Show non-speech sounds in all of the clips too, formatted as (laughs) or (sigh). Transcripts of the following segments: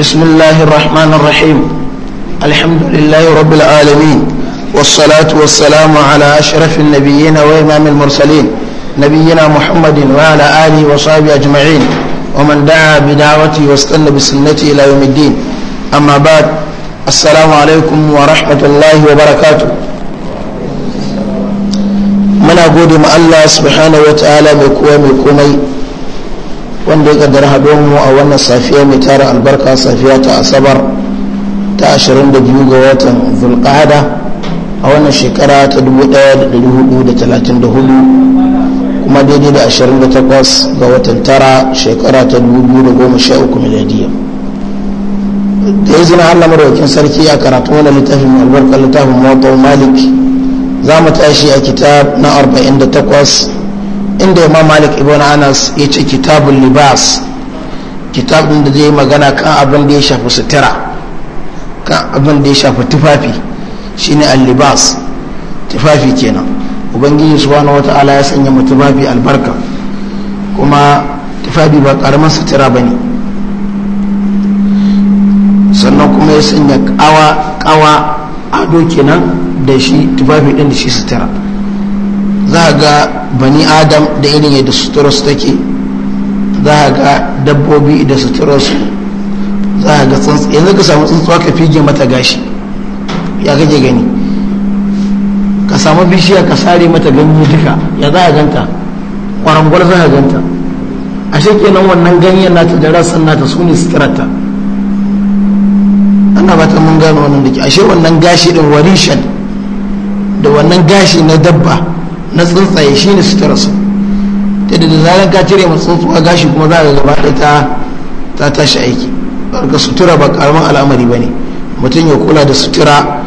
بسم الله الرحمن الرحيم الحمد لله رب العالمين والصلاة والسلام على أشرف النبيين وإمام المرسلين نبينا محمد وعلى آله وصحبه أجمعين ومن دعا بدعوته واستنى بسنته إلى يوم الدين أما بعد السلام عليكم ورحمة الله وبركاته muna gode ma Allah subhanahu wa ta'ala mai kowa mai komai wanda ya kaddara haɗo mu a wannan safiya mai tara albarka safiya ta asabar ta 22 ga watan zulqa'ada a wannan shekara ta 1434 kuma daidai da 28 ga watan tara shekara ta 2013 miladiyya da zina allah marwakin sarki a karatu wani littafin albarkar littafin mawata malik za mu tashi a kitab na 48 inda imam malik ibn anas ya ce kitabun libas kitabun da zai magana kan abin da ya shafi sutura kan abin da ya shafi tufafi shine al-libas tufafi kenan ubangiji subhanahu wata'ala ya sanya mu tufafi albarka kuma tufafi ba karamin sutura ne sannan kuma ya sanya kawa kawa ado kenan da shi tufafi ɗin da shi sutura za ga bani adam da irin yadda suturarsu take za ga dabbobi da suturarsu za ga tsuntsu yanzu ka samu tsuntsuwa ka fige mata gashi ya kake gani ka samu bishiya ka sare mata ganye duka ya za a ganta kwarangwar za a ganta a shekenan wannan ganyen nata da rassan nata su ne suturarta ana ba ta mun gano wannan da ke ashe wannan gashi din warishan da wannan gashi na dabba na tsuntsaye shi ne sutura su ta da zaren ka cire masu tsuntsuwa gashi kuma za a gaba ɗaya ta ta tashi aiki ga sutura ba karamin al'amari ba ne mutum ya kula da sutura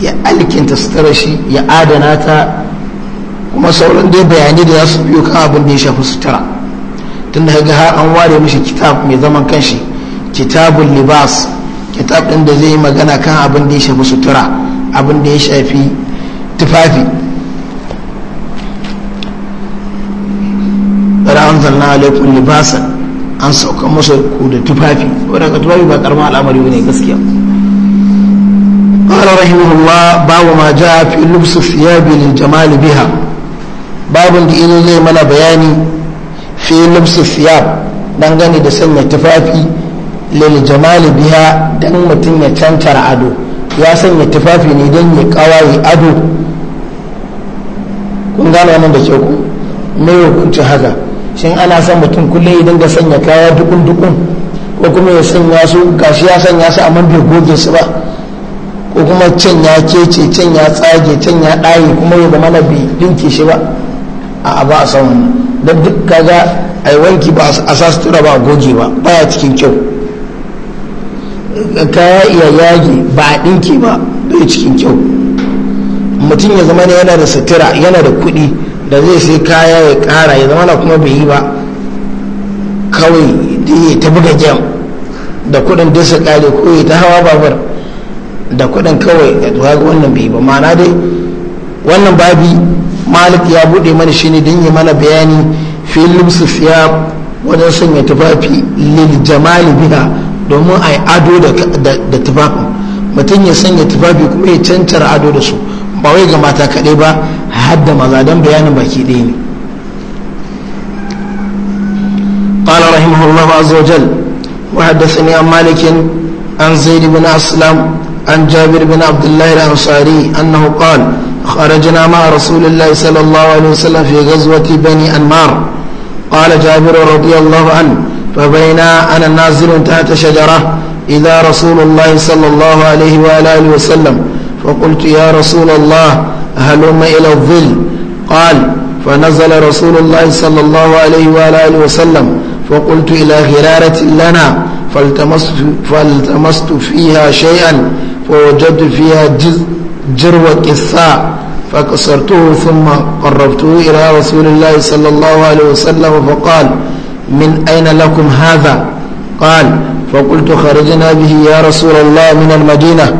ya alkinta sutura shi ya adana ta kuma sauran dai bayanai da za su biyo kan abin da ya shafi sutura tun da ga har an ware mishi kitab mai zaman kanshi kitabun libas kitab ɗin da zai yi magana kan abin da ya shafi sutura abin da ya shafi tufafi kada an zanna alaikun libasa an sauka musu ku da tufafi saboda ka tufafi ba karamin al'amari ne gaskiya قال babu ma باب ما جاء في لبس الثياب للجمال بها باب دين زي mana bayani في لبس الثياب gani da sanya tufafi lil jamali biha dan mutum ya cancara ado ya sanya tufafi ne don ya kawaye ado kun gane wannan da ke ku me hukuncin haka shin ana son mutum kullum ya dinga sanya kaya dukun dukun ko kuma ya sanya su gashi ya sanya su amma bai goge su ba ko kuma can ya kece can ya tsage can ya ɗaye kuma ya zama na bai dinke shi ba a ba a san wannan da duk kaga a yi wanki ba a sa sutura ba a goge ba baya cikin kyau kaya iya yage ba a dinke ba bai cikin kyau mutum ya zama yana da sutura yana da kuɗi da zai sai kaya ya kara ya zama na kuma bai yi ba kawai da ya ta buga jam da kudin da kare ko ya ta hawa babur da kudin kawai ya zuwa ga wannan bai yi ba ma'ana dai wannan babi malik ya bude mana shi ne don yi mana bayani fi su fiya wajen sanya tufafi lil jamali biha domin a yi ado da tufafin mutum ya sanya tufafi kuma ya cancar ado da su ba wai ga mata kaɗai ba hadda maza don bayanin قال رحمه الله عز وجل وحدثني عن مالك عن زيد بن أسلم عن جابر بن عبد الله الأنصاري أنه قال خرجنا مع رسول الله صلى الله عليه وسلم في غزوة بني أنمار قال جابر رضي الله عنه فبينا أنا نازل تحت شجرة إذا رسول الله صلى الله عليه وآله وسلم فقلت يا رسول الله هلم إلى الظل قال فنزل رسول الله صلى الله عليه وآله وسلم فقلت إلى غرارة لنا فالتمست, فالتمست فيها شيئا فوجدت فيها جرو قثاء فكسرته ثم قربته إلى رسول الله صلى الله عليه وسلم فقال من أين لكم هذا قال فقلت خرجنا به يا رسول الله من المدينة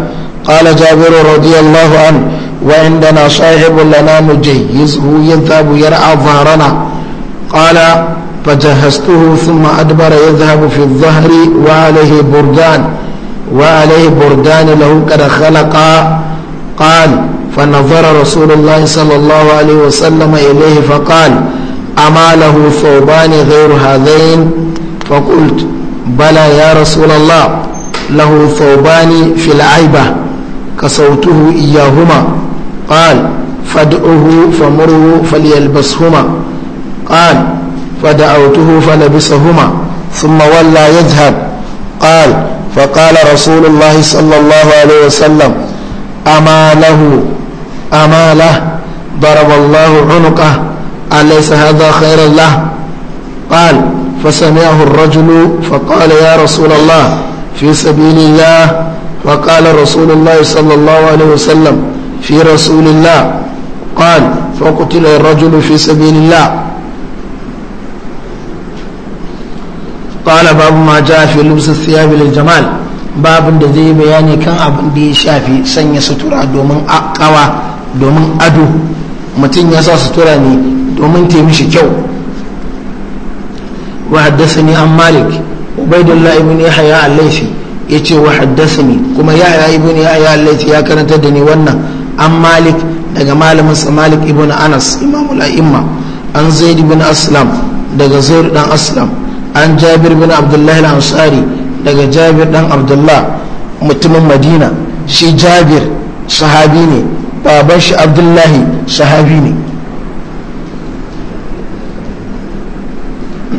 قال جابر رضي الله عنه وعندنا صاحب لنا نجيزه يذهب يرعى ظهرنا قال فجهزته ثم أدبر يذهب في الظهر وعليه بردان وعليه بردان له قد خلق قال فنظر رسول الله صلى الله عليه وسلم إليه فقال أما له ثوبان غير هذين فقلت بلى يا رسول الله له ثوبان في العيبة كسوته إياهما قال فادعه فمره فليلبسهما قال فدعوته فلبسهما ثم ولى يذهب قال فقال رسول الله صلى الله عليه وسلم أما له أما له ضرب الله عنقه أليس هذا خير له قال فسمعه الرجل فقال يا رسول الله في سبيل الله فقال رسول الله صلى الله عليه وسلم في رسول الله قال فقتل الرجل في سبيل الله قال باب ما جاء في لبس الثياب للجمال babin da zai bayani kan abin da ya shafi sanya sutura domin akawa domin ado mutum ya sutura ne domin ta kyau wa haddasani an malik ubaidullah ibn yahya al-laifi yace wa haddasani kuma yahya ibn yahya al-laifi ya karanta da ni wannan an malik daga malamin sa malik ibn anas imamul a'imma an zaid ibn aslam daga zaid dan aslam an jabir bin abdullahi al-ansari daga jabir dan abdullah mutumin madina shi jabir sahabi ne baban shi abdullahi sahabi ne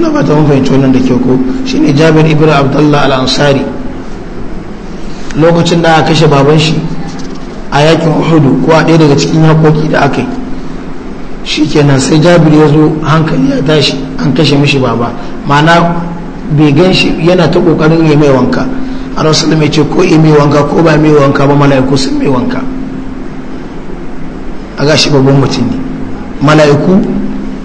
na ba ta mun fahimci wannan da kyau ko shine jabir ibn abdullah al-ansari lokacin da aka kashe baban shi a yakin uhudu ko a ɗaya daga cikin yakoki da aka yi shi kenan sai jabir ya zo hankali ya tashi an kashe mishi baba ma'ana bai gan shi yana ta kokarin ya mai wanka a rasulun mai ce ko mai wanka ko ba mai wanka ba mala'iku sun mai wanka a ga shi babban mutum ne mala'iku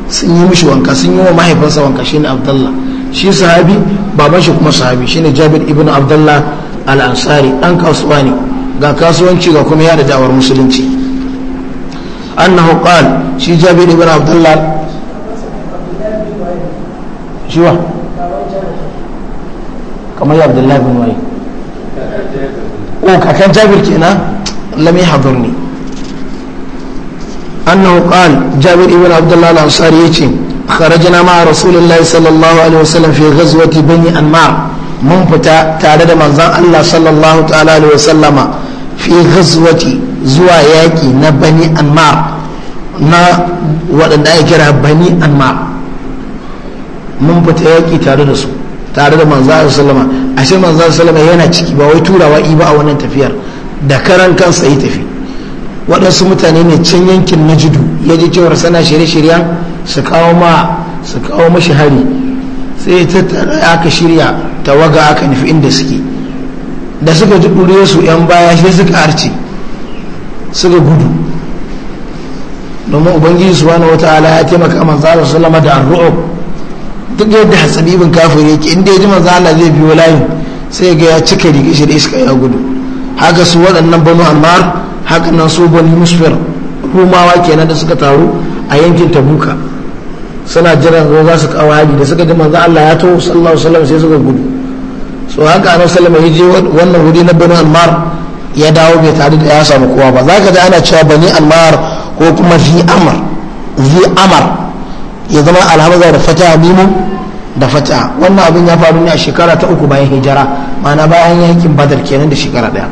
sun yi mishi wanka sun yi wa mahaifinsa wanka shi ne abdallah shi sahabi baban shi kuma sahabi shi ne jabir ibn abdallah al-ansari ɗan kasuwa ne ga kasuwanci ga kuma yada da'awar musulunci annahu qal shi jabir ibn abdullah shi wa kamar ya abdullah ibn wai o kakan jabir kenan lam yahdurni annahu qal jabir ibn abdullah al-ansari yace kharajna ma rasulullah sallallahu alaihi wasallam fi ghazwati bani anmar mun fita tare da manzon Allah sallallahu ta'ala alaihi wasallama fi ghazwati zuwa yaki na bani ammar na waɗanda ake kira bani ammar mun fita yaki tare da su tare da manzo sallama ashe manzo sallama yana ciki ba wai turawa ba a wannan tafiyar da karan kansa yi tafi waɗansu mutane ne can yankin na najidu ya ji cewar sana shirye-shiryen su kawo ma su kawo mashi hari sai ta aka shirya tawaga aka nufi inda suke da suka ji ɗure su 'yan baya shi suka arce suka gudu domin ubangiji su wani wata ala ya taimaka manzala sallama da arru'u duk yadda hatsabibin kafin yake inda ya ji manzala zai biyo layin sai ga ya cika riga shi da iska ya gudu haka su waɗannan banu almar haka su banu musfir rumawa kenan da suka taru a yankin tabuka suna jiran za su kawo da suka ji manzo Allah ya taho sallallahu alaihi wasallam sai suka gudu so haka annabi sallallahu ya je wannan wuri na bani almar ya dawo bai tare da ya samu kowa ba zaka ji ana cewa bani almar ko kuma zi amar zi amar ya zama alhamza da fata mimu da fata wannan abin ya faru ne a shekara ta uku bayan hijira ma'ana bayan yankin badar kenan da shekara daya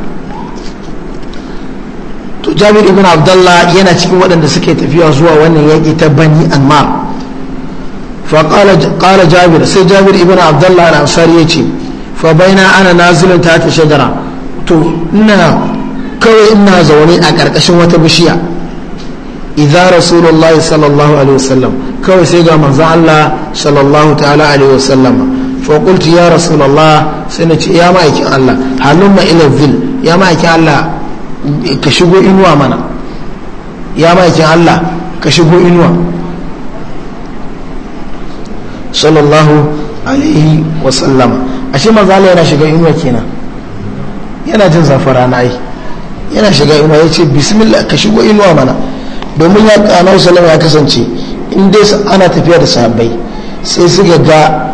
to jabir ibn abdullah yana cikin waɗanda suke tafiya zuwa wannan yaƙi ta bani almar fa qala qala jabir sai jabir ibn abdullah al-ansari fabaina ana nazilun ta ta shagara to ina kawai ina zaune a ƙarƙashin wata bishiya idza rasulullahi sallallahu alaihi wasallam kawai sai ga manzon Allah sallallahu ta'ala alaihi wasallam fa qultu ya rasulullah sai na ce ya ma'aikin Allah halumma ila vil ya ma'aikin Allah ka shigo inuwa mana ya ma'aikin Allah ka shigo inuwa sallallahu alaihi wasallama ashe manzo Allah yana shiga inuwa kenan yana jin zafin rana ai yana shiga inuwa ya ce bismillah ka shigo inuwa mana domin ya kanar salama ya kasance in dai ana tafiya da sahabbai sai suka ga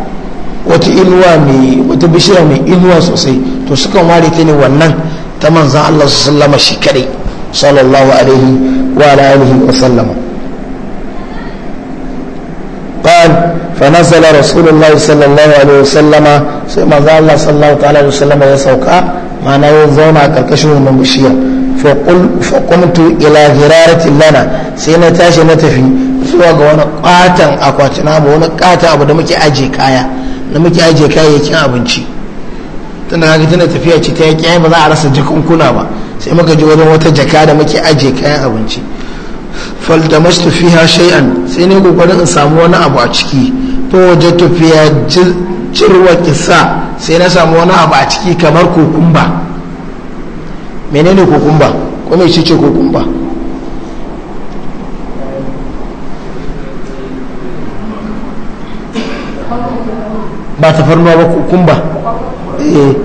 wata inuwa mai wata bishiya mai inuwa sosai to sukan ware ta ne wannan ta manzan Allah su sallama shi kadai sallallahu alaihi wa alaihi wa sallama فنزل رسول الله صلى الله عليه وسلم sai manzo Allah sallallahu ta'ala alaihi wasallam ya sauka ma'ana ya zauna a karkashin wannan bishiyar fa qul lana sai na tashi na tafi zuwa ga wani katan akwati ba wani katan abu da muke aje kaya da muke aje kayayyakin abinci tunda kaga tana tafiya ce ta yaki ba za a rasa jakunkuna ba sai muka ji wajen wata jaka da muke ajiye kayan abinci faltamastu fiha shay'an sai ne kokarin in samu wani abu a ciki to waje tafiya cirwa kisa sai na samu wani abu a ciki kamar kokumba menene kokumba ko mai ce kokumba ba tafarnuwa ba kokumba eh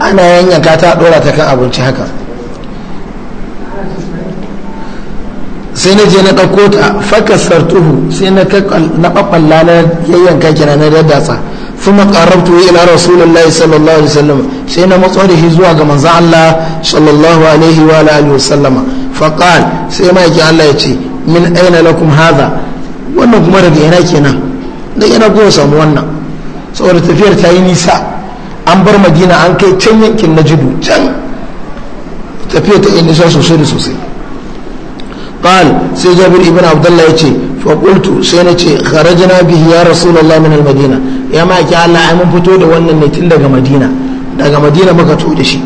ana yanyanka ta dora ta kan abinci haka sai na je na ɗauko ta fakasar tuhu sai na ɓaɓɓalla na yayyanka kina na daddatsa sun makarabtu ila rasulullahi sallallahu alaihi wasallam sai na matso da shi zuwa ga manzan Allah sallallahu alaihi wa alihi wasallam faqal sai ma yake Allah ya ce min aina lakum hadha wannan kuma daga yana kenan na yana kuma samu wannan saboda tafiyar ta yi nisa an bar madina an kai can yankin najidu can tafiyar ta yi nisa sosai da sosai Fa'ul sai Jabir ibn Abdullah ya ce Fakoltu sai na ce kareji na bihiyya rasulallah minna na Madinah ya ma ake Allah mun fito da wannan ne tun daga madina daga madina muka to da shi.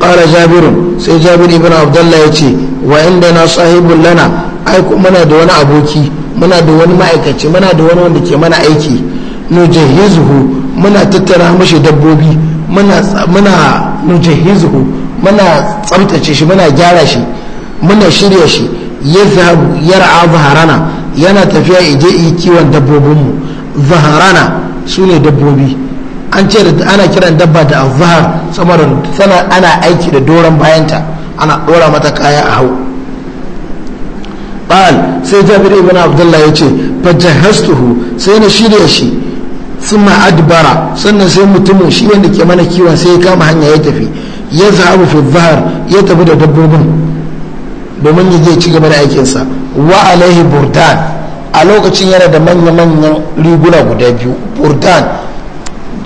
Fara Jabiru sai Jabir ibn Abdullah ya ce wa inda na sahi bullana aiko da wani aboki muna da wani ma'aikaci muna da wani wanda ke mana aiki no je muna tattara mashi dabbobi no je hin zuku muna tsabtace shi muna gyara shi. muna shirya shi ya zahabu yar'a zaharana yana tafiya ije yi kiwon dabbobinmu zaharana su ne dabbobi an ce da ana kiran dabba da zahar saboda tana ana aiki da doron bayanta ana dora mata kaya a hau ba'al sai jabir ibn abdullah yace hastuhu sai na shirya shi ma bara sannan sai mutumin shi wanda ke mana kiwon sai ya kama hanya ya tafi ya zahabu fi zahar ya tafi da dabbobin domin ya je ci gaba da aikinsa wa alaihi burdan a lokacin yana da manya-manyan riguna guda biyu burdan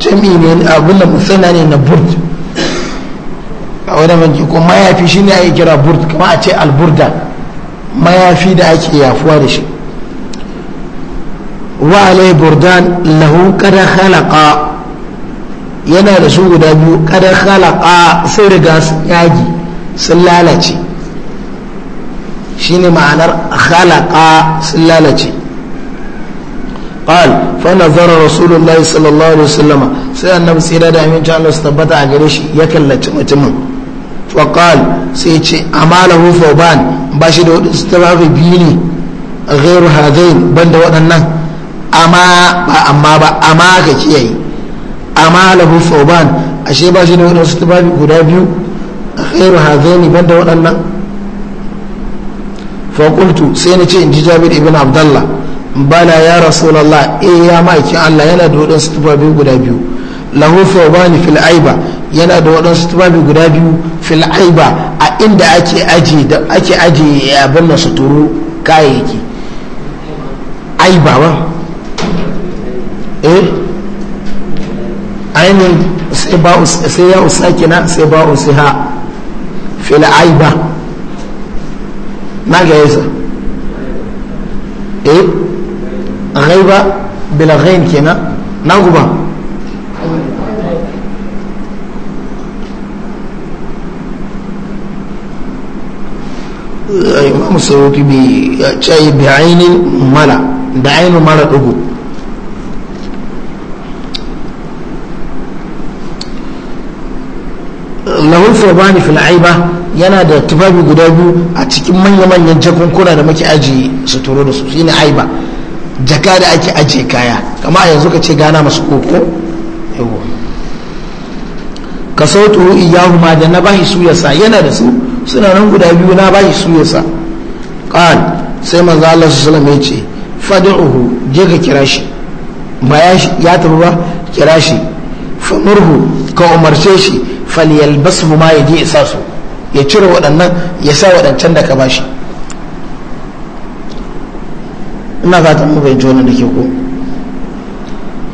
jami ne abin da musamman ne na burd a wani manki ko mayafi shi a ake kira burd kama a ce alburda mayafi da ake yafuwa da shi wa alaihi burdan lahu kada halaka yana da su guda biyu kada halaka sai riga yagi sun lalace shine ma'anar khalaqa sun lalace qal fa nazara rasulullahi sallallahu alaihi wasallam sai annabi tsira da aminci Allah su tabbata a gare shi ya kallaci mutumin wa qal sai ce amalahu fawban ba shi da wadansu tabafi biyu ne ghairu hadain banda waɗannan ba amma ba amma ka kiyaye amalahu fawban ashe ba shi da wadansu tabafi guda biyu ghairu hadain banda waɗannan faƙultu sai na ce in ji jabir ibn abdallah bala ya rasulallah eh ya ma'aikin allah yana da waɗansu tubabi guda biyu lahu thawbani fil aiba yana da waɗansu tubabi guda biyu fil aiba a inda ake aje da ake aje abin da suturu kayayyaki aiba ba eh ainihin sai ba sai ya usakina sai ba usiha fil aiba magayensa eh ghaiba bila ghain kenan na guba eh, imam sauki bi ya eh, ce bi ainihin mala da ainihin mara dugu zobani fil'aiba yana da tufafi guda biyu a cikin manya-manyan jakunkuna da muke ajiye suturo da su shine aiba jaka da ake ajiye kaya kama yanzu ka ce gana masu koko yawo ka turu iyahu ma da na bashi su yasa yana da su suna nan guda biyu na bashi su yasa sai maza Allah sula alaihi ce uhu je ka kira shi ba ya tafi ba kira shi famurhu ka umarce shi falyalbasu ma ya je ya sa su ya cire waɗannan ya sa waɗancan da ka bashi ina fatan mu bai jona da ke ko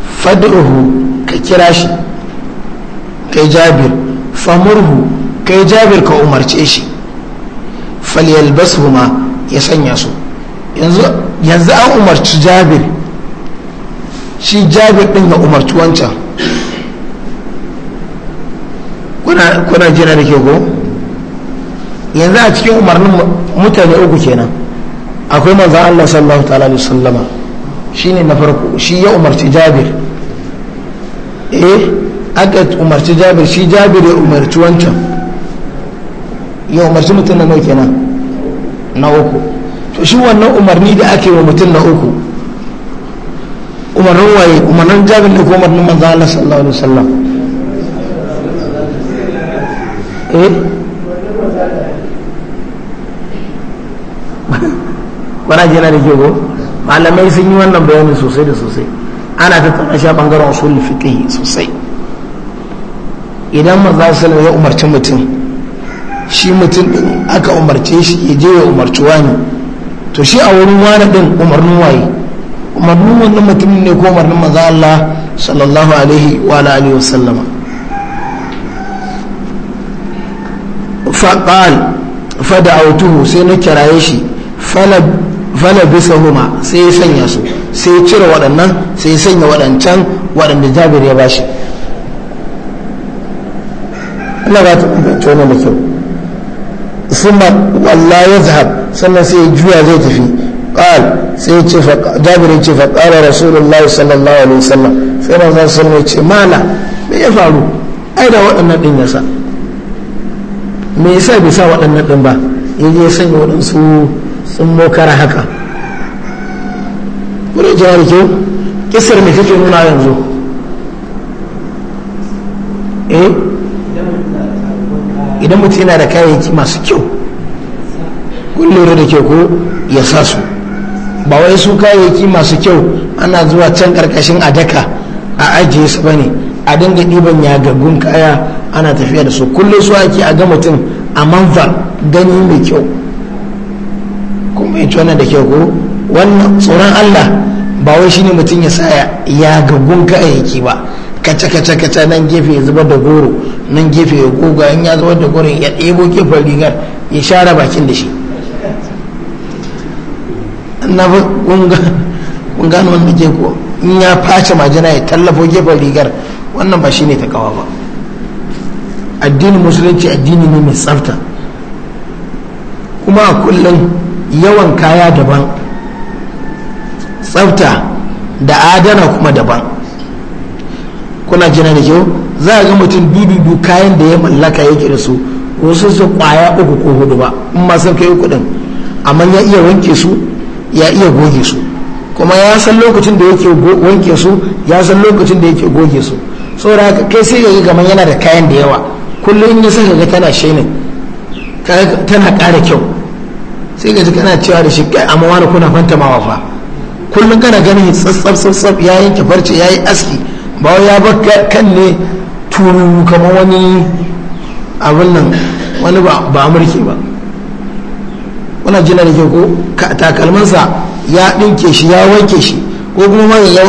fad'uhu ka kira shi kai jabir famurhu kai jabir ka umarce shi ma ya sanya su yanzu yanzu an umarci jabir shi jabir din ga umarci wancan kuna jina da ke ko yanzu a cikin umarnin mutane uku kenan akwai manzan Allah sallallahu ta'ala alaihi sallama shi ne na farko shi ya umarci jabir eh aka umarci jabir shi jabir ya umarci wancan ya umarci mutum na nau kenan na uku to shi wannan umarni da ake wa mutum na uku umarnin waye umarnin jabir ne ko umarnin manzan Allah sallallahu alaihi sallam eh kwana jina da ke malamai sun yi wannan bayani sosai da sosai ana tattauna shi a bangaren usul fiqh sosai idan su sallallahu ya umarci mutum shi mutum din aka umarce shi ya je ya umarci wani to shi a wurin wani din umarnin waye umarnin wannan mutum ne ko umarnin maza Allah sallallahu alaihi wa alihi wa sallama faqal fada'autuhu sai na kiraye shi huma sai ya sanya su sai ya cire waɗannan sai ya sanya waɗancan waɗanda jabir ya bashi Allah ba ta tona da kyau walla ya zahab sannan sai ya juya zai tafi ƙal sai ya ce jabir ce fa qala rasulullahi sallallahu alaihi wasallam sai manzon zan alaihi ya ce mala me ya faru ai da waɗannan din ya sa me sa bai sa waɗannan ɗin ba ya je sanya waɗansu sun mokara haka wurin jihar kyau kisar me kake nuna yanzu eh idan mutum yana da kayayyaki masu kyau kun lura da kyau ko ya sa su ba wai su kayayyaki masu kyau ana zuwa can a daka a ajiye su ba ne a dinga ɗiban ga kaya ana tafiya da su kullum su ake a ga mutum a manfa gani mai kyau kuma bai wannan da kyau ko wannan tsoron allah ba wai shine mutum ya sa yagaggun kayayyaki ba kaca kaca kaca nan gefe ya zubar da goro nan gefe ya goga in ya zubar da goro ya ɗebo gefen rigar ya share bakin da shi na kun gano wanda ke ko in ya face majina ya tallafo gefen rigar wannan ba shi ne ta takawa ba addinin musulunci addini ne mai tsafta kuma a kullum yawan kaya daban tsafta da adana kuma daban kuna jina da kyau za a ga mutum dududu kayan da ya mallaka yake da su wasu su kwaya uku ko hudu ba in ma sun kai kudin amma ya iya wanke su ya iya goge su kuma ya san lokacin da yake wanke su ya san lokacin da yake goge su saboda haka kai sai ga gaman yana da kayan da yawa kullum ya saka ga tana shainin tana ƙara kyau sai ga kana cewa da shi kai amma wani kuna fantamawa fa kullum kana ganin tsatsab tsatsab ya yanke farce ya yi aski ba ya bar kan ne turu kamar wani abin nan wani ba amurke ba kuna jina da ke ko takalmansa ya ɗinke shi ya wanke shi ko kuma ma ya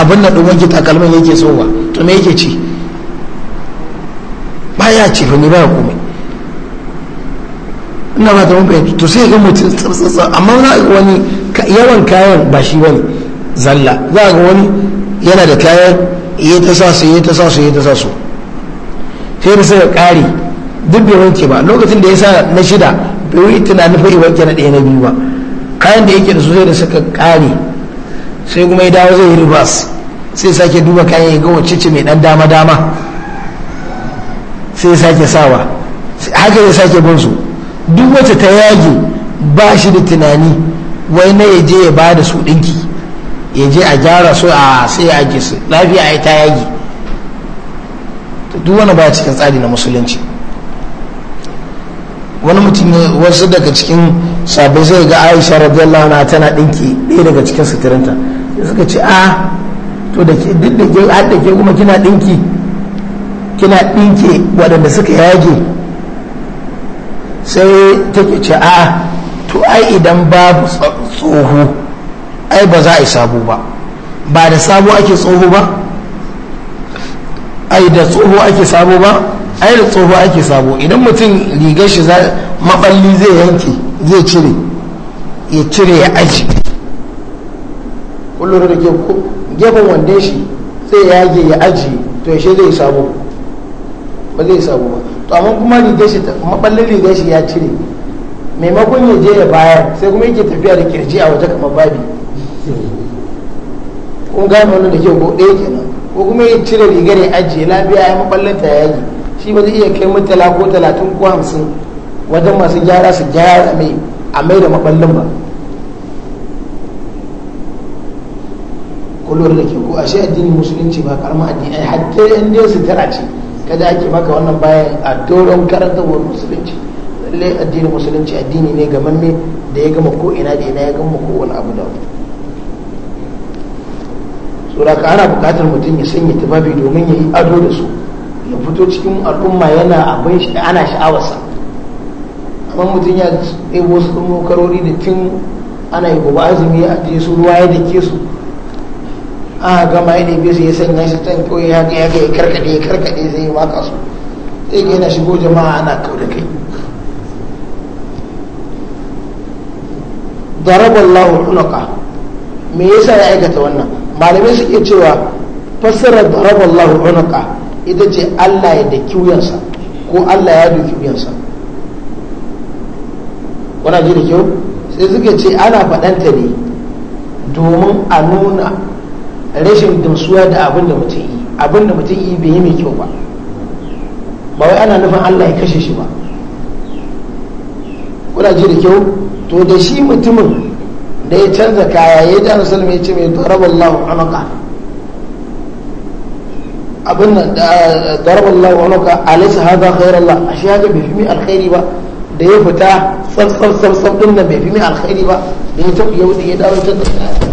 abin da ɗin wanke takalman yake so ba. to me yake ci ya ci fa ne ya komai ina ba ta mafi to sai ga mutum tsarsatsa amma za ga wani yawan kayan ba shi wani zalla za ga wani yana da kayan iya ta sa su iya ta sa su iya ta sa su sai da suka kare duk bai wanke ba lokacin da ya sa na shida bai yi tunanin fa wanke na ɗaya na biyu ba kayan da yake da su sai da suka kare sai kuma ya dawo zai yi ribas sai sake duba kayan ya ga wacce mai dan dama dama sai sake sawa haka ya sake bin su duk wata ta yage ba shi da tunani wai na ya je ya ba da su ɗinki ya je a gyara su a sai ya ake su lafiya ya ta yage duk wani ba cikin tsari na musulunci wani mutum ne wasu daga cikin sabbin zai ga aisha radiyallahu anha tana ɗinki ɗaya daga cikin suturinta suka ce a ah, to da duk da ke har da ke kuma kina dinki kina dinke waɗanda suka yage sai take ce a to ai idan babu tsoho ai ba za a yi sabo ba ba da sabo ake tsoho ba ai da tsoho ake sabo ba ai da tsoho ake sabo idan mutum rigar shi maballi zai yanke zai cire ya cire ya aji kullum da ke gefen wande shi ya yage ya aji to yaushe zai sabo ba zai sabo ba to amma kuma rigar shi maballin rigar shi ya cire maimakon ya je ya bayar sai kuma yake tafiya da kirji a waje kamar babi kun gane wannan da ke ko ɗaya kenan ko kuma ya cire rigar ya ajiye lafiya ya maballin ta yage shi ba zai iya kai mutala ko talatin ko hamsin wajen masu gyara su gyara mai a mai da maballin ba kullum da ke ko a ashe addini musulunci ba karamin addini ai hatta yan dai tara ce kada ake maka wannan bayan a doron karantarwar musulunci lalle addinin musulunci addini ne ga manne da ya gama ko ina da ina ya gama ko wani abu da tsora ka ana bukatar mutum ya sanya tufafi domin ya yi ado da su ya fito cikin al'umma yana abin shi ana sha'awarsa amma mutum ya ɗebo su mokarori da tun ana yi gobe azumi a je su ruwa ya dake su a gama ya biyu sai ya sanya shi can ko ya ga ya ya karkade ya karkaɗe zai waka su sai ga yana shigo jama'a ana kau da kai daraba Allah hulaka me yasa ya aikata wannan malamai suke cewa fassarar daraba Allah hulaka ita ce Allah ya da kiwuyansa ko Allah ya doki wuyansa wana ji da kyau sai suke ce ana faɗanta ne domin a nuna rashin gamsuwa da abin da mutum yi abin da mutum yi bai yi mai kyau ba ba wai ana nufin Allah ya kashe shi ba kuna ji da kyau to da shi mutumin da ya canza kaya ya ji annabi mai ya ce mai daraballahu anaka abin nan daraballahu haza alaysa hadha khairallah shi haka bai fi mai alkhairi ba da ya fita tsaf tsaf tsaf din nan bai fi mai alkhairi ba da ya tafi ya wuce ya dawo kaya.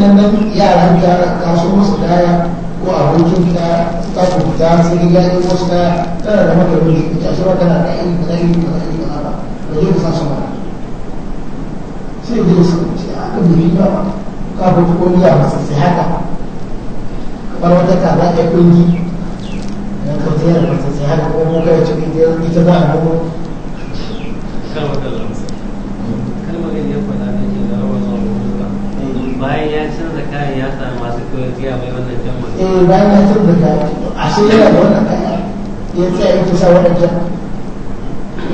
nan nan yaran ta kaso musu daya ko abokin ta ta fita sai ga yayin wasu ta tana da mata rubuci ta ce ba da ilimi da ilimi da ilimi ba ba zai ka su ba sai da su ce aka ah, bi ba ka ba ko ya ba sai haka kamar wata ta za ta kungi na ko ta yarda sai haka ko mu ga da ita za a da bayan ya canza kayan ya samu masu koyar gaya mai wannan jan masu eh bayan ya canza da kayan ya tsaya kusa wannan jan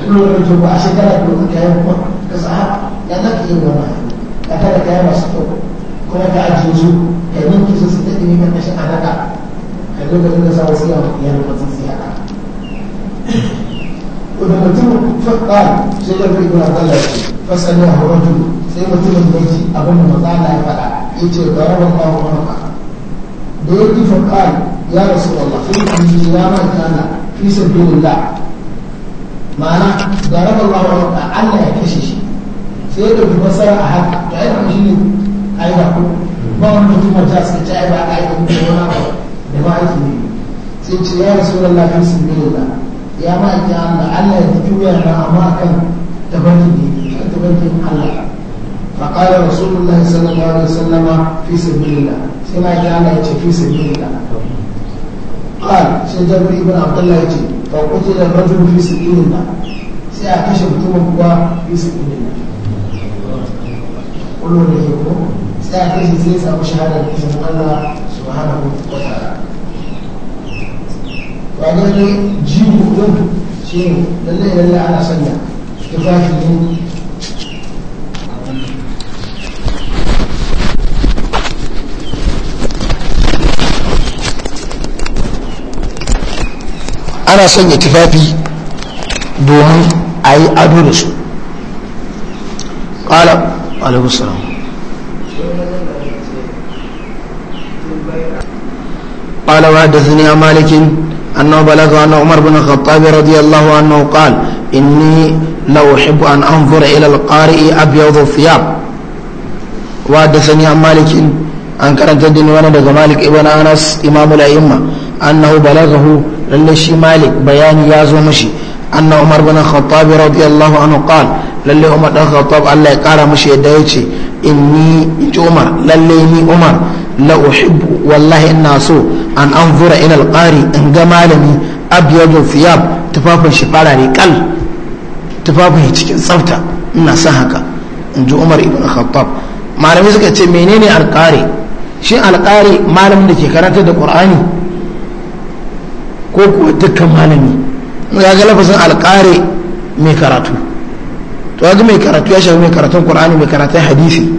kuma da a kayan kuma ka sa ya za ka iya wannan ka kayan masu kyau kuma ka ajiye su ka yi ninki su su ta ɗini kan kashin anaka ka zo ka dinga sa wasu yawan iyalin mutum su yaka wanda mutum faɗa sai ya sai mutumin da ji abin da mazala ya faɗa ya ce da rabar ba wa marka da ya ƙi faƙal ya rasu Allah sun ya ji ya manta na fi sabilillah ma'ana da rabar ba wa marka Allah ya kashe shi sai da kuma sara a haka to ai ba shi ne ai ba ko ba wani mutum ta suka ci ai ba ka ai ba wani abu da ba ake ne sai ce ya rasu Allah fi sabilillah ya ma'aikin Allah Allah ya ji juya rama kan tabbatin ne tabbatin Allah فقال رسول الله صلى الله عليه وسلم في سبيل الله سنا جانا يتي في سبيل الله قال جابر بن عبد الله يتي فقتل الرجل في سبيل الله سي سيعكش بتوبة في سبيل الله قولوا قلوا له يقول سيعكش زيسا وشهادة بإذن الله سبحانه وتعالى وعندما جيبوا له شيء لله لله على سنة كفاية ana sanya tufafi domin a yi ado su ƙala alaikusarau ƙala ba da zini a malikin annawa umar bin khattabi radiyallahu annahu qal inni la uhibbu an anzura ila al-qari'i abyad al-thiyab wa da sani an an karanta dini wani daga malik ibn anas imam al-a'imma annahu balagahu lalle shi malik bayani ya zo mashi anna umar bin khattab radiyallahu anhu qal lalle umar dan khattab Allah ya kara mashi yadda yace inni umar lalle ni umar la uhibbu wallahi ina so an anzura ila alqari in ga malami abyadu thiyab tufafin shi farare kal tufafin cikin tsafta ina son haka in ji umar ibn khattab malami suka ce menene alqari shin alqari malamin da ke karanta da qur'ani ko kuwa dukkan malami ya ga lafasin alƙare mai karatu to ga mai karatu ya shafi mai karatun ƙur'ani mai karatun hadisi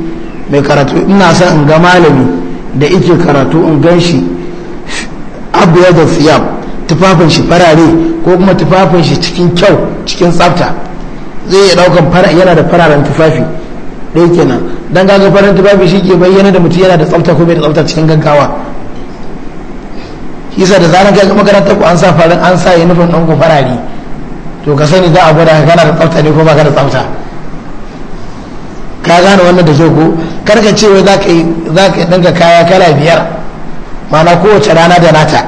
mai karatu ina son in ga malami da ike karatu in gan shi abu ya da siyam tufafin shi farare ko kuma tufafin shi cikin kyau cikin tsafta zai iya daukan yana da fararen tufafi ɗaya kenan don gaga farin tufafi shi ke bayyana da mutum yana da tsafta ko bai da tsafta cikin gaggawa yasa da zaran ga makarantar ku an sa farin an sa yunifon ɗan ku farare to ka sani za a gwada ka kana da tsafta ne ko ba ka da tsafta ka gane wannan da kyau ko karka ce wai za ka yi ɗinka kaya kala biyar mana kowace rana da nata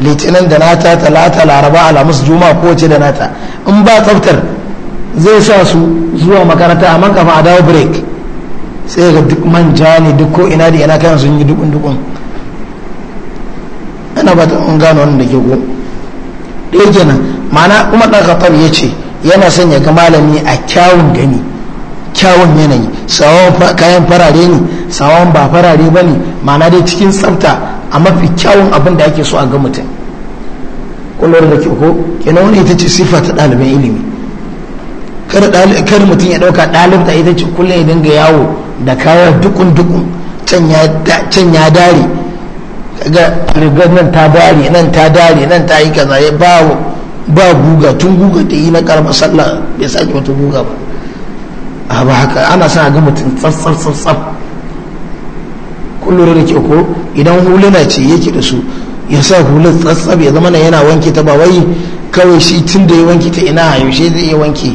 litinin da nata talata laraba alhamis juma kowace da nata in ba tsaftar zai sa su zuwa makaranta amma kafa a dawo break sai ga duk manja ne duk ko ina da ina kayan sun yi dukun dukun ina ba ta gano wannan da ke go ɗaya kenan ma'ana kuma ɗan khattab ya ce yana son ya ga malami a kyawun gani kyawun yanayi sawon kayan farare ne sawon ba farare ba ne ma'ana dai cikin tsafta a mafi kyawun abin da ake so a ga mutum kullum da ke ko kenan wani ita ce sifa ta ɗaliban ilimi kar mutum ya ɗauka da ita ce kullum ya dinga yawo da kaya dukun dukun can ya dare ga rigar nan ta dare nan ta dare nan ta yi kaza ya ba ba guga tun guga ta yi na karba sallah bai sake wata guga ba a ba haka ana sa ga mutum tsaf tsaf tsaf kullum da ke ko idan huluna ce yake da su ya sa hulun tsatsab ya zama na yana wanke ta ba wai kawai shi tun da ya wanke ta ina yaushe zai iya wanke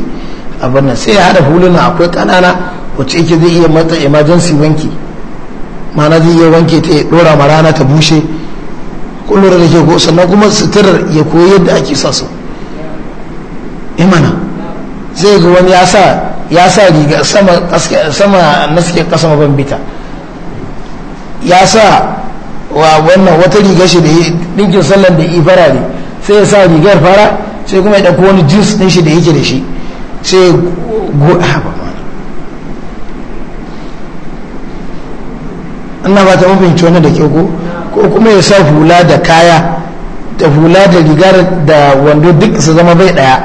abin nan sai ya hada huluna akwai kanana wacce yake zai iya mata emergency wanke. mana zai iya wanke ta ya dora ma rana ta bushe kun da ke ko sannan kuma suturar ya koyi yadda ake sa su imana eh zai ga wani ya sa riga sama na suke kasa mabambita ya sa wa wannan wata riga shi da dinkin sallan da ifara ne sai ya sa rigar fara sai kuma ya ɗauko wani jins ɗin shi da yake da shi sai go haba ina ba ta mafinci wani da ke ko kuma ya sa hula da kaya da hula da rigar da wando duk su zama bai daya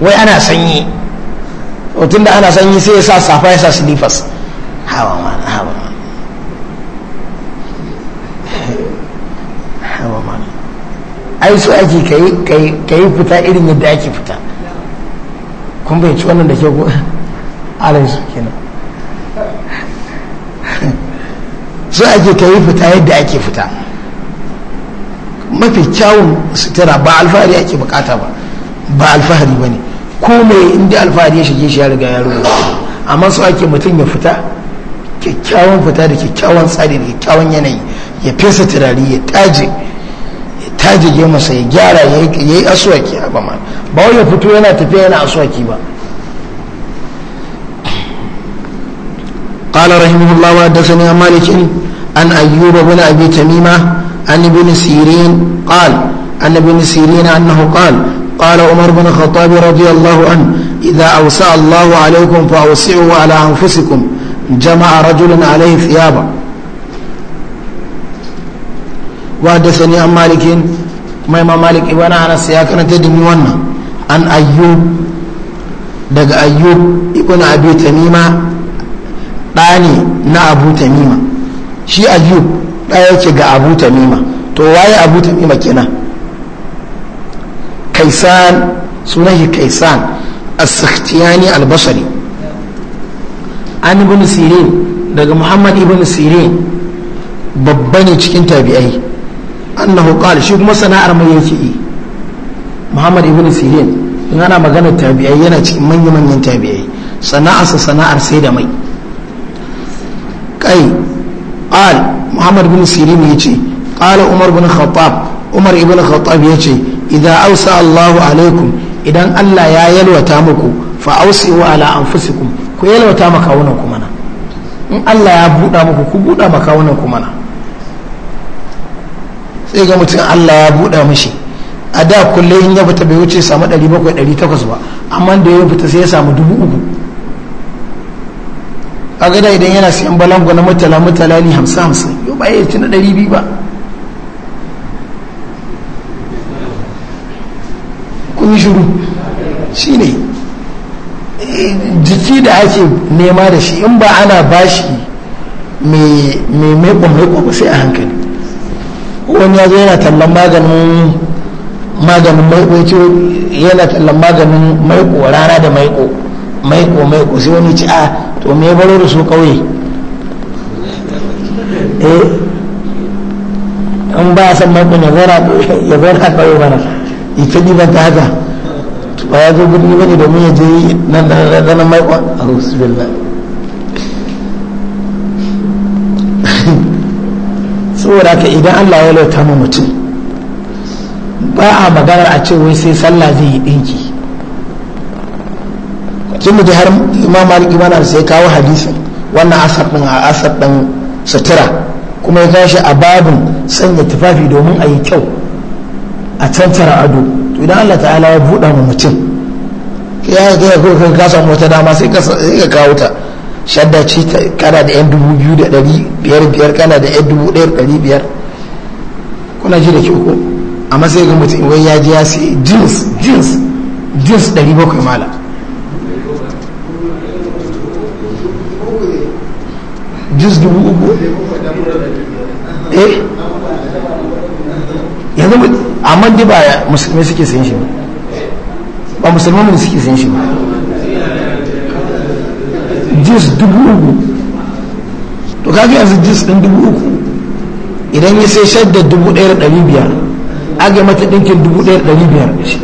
wai ana sanyi tun da ana sanyi sai ya sa safa ya sa silifas hawa ma hawa mana hawa ma ai su ake ka yi fita irin yadda ake fita kun bai ci wannan da ke ko. (laughs) alaisu kenan so ake kai fita yadda ake fita mafi kyawun sutura ba alfahari ake bukata ba ba alfahari ba ne ko mai inda alfahari ya shige shi ya riga ya rubuta amma so ake mutum ya fita kyakkyawan fita da kyakkyawan tsari da kyakkyawan yanayi ya fesa turare ya taje ya taje masa ya gyara ya yi aswaki a bama ba wani ya fito yana tafiya yana aswaki ba قال رحمه الله وحدثني عن مالك عن أيوب بن أبي تميمة عن ابن سيرين قال عن ابن سيرين أنه قال قال عمر بن الخطاب رضي الله عنه إذا أوسع الله عليكم فأوسعوا على أنفسكم جمع رجل عليه ثيابا وحدثني عن مالك ما إمام مالك ابن أنس يا كان تدني وانا عن أيوب دق أيوب ابن أبي تميمة ɗani na abu tamima shi a biyu ɗaya ke ga abu ta tamima to waye abu ta tamima kenan kaisan sunahi kaisan as-sakhtiyani al-basri an ibn sirin daga muhammad ibn sirin babba ne cikin tabi'ai annahu qala shi kuma sana'ar mai yake yi muhammad ibn sirin in ana magana tabi'ai yana cikin manya-manyan tabi'ai sana'arsa sana'ar sai da mai kai qal muhammad bin sirin ce qala umar bin khattab umar ibn khattab yace idan ausa allahu alaikum idan allah ya yalwata muku fa ausi'u ala anfusikum ku yalwata makawunan ku mana in allah ya buɗa muku ku buɗa makawunan ku mana sai ga mutum allah ya buɗa mashi a da kullum in ya fita bai wuce samu 700 800 ba amma da ya fita sai ya samu dubu uku kaga da idan yana siyan balangu na mutala mutala ne hamsin hamsin yau ba ya ci na ɗari biyu ba kun shuru shi ne eh, jiki da ake nema da shi in ba ana bashi mai maiko-maiko ba sai a hankali wani ya zo yana tallan maganin maganin maiko yana tallan maganin maiko rana da maiko maiko maiko sai wani ci a ah, to me ya baro da su ƙauye eh an ba san mako ne zara ya zara ƙauye bana i ta ban ta haka ba ya zo birni bane domin ya je nan da nan makon a rusubillah saboda ka idan Allah ya lauta ma mutum ba a magana a ce wai sai sallah zai yi ɗinki tun da har imam malik ibn sai kawo hadisi wannan asar din a asar din sutura kuma ya gashi a babin sanya tufafi domin a yi kyau a tantara ado to idan Allah ta'ala ya buɗa mu mutum ya ga ya gurkan ka samu wata dama sai ka kawo ta shadda ce kana da yan dubu biyu da ɗari biyar biyar kana da yan dubu ɗaya ɗari biyar kuna ji da ke ko amma sai ga mutum wai ya ji ya sai jins jins jins ɗari bakwai mala juz dubu uku eh yanzu amma di ba musulmi suke sayan shi ba musulman ne suke sayan shi ba juz dubu uku to kaga yanzu juz din dubu uku idan ya sai shadda dubu ɗaya da ɗari biyar aga mata ɗinkin dubu ɗaya da ɗari biyar da shi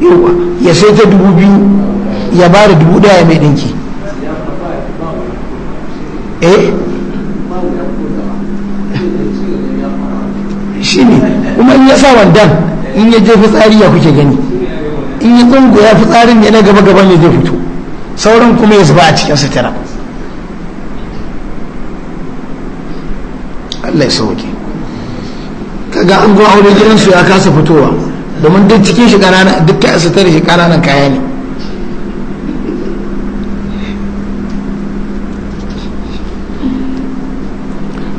yawa ya sai ta dubu biyu ya ba da dubu daya mai ɗinki eh shi ne kuma in ya sa wandan in ya je fitsari ya kuke gani in ya tsungo ya fitsarin ya na gaba gaban ya zai fito sauran kuma ya zuba a cikin sutura Allah ya sauke kaga an gwa aure gidansu ya kasa fitowa domin duk cikin shi kanana duk ta shi kananan kaya ne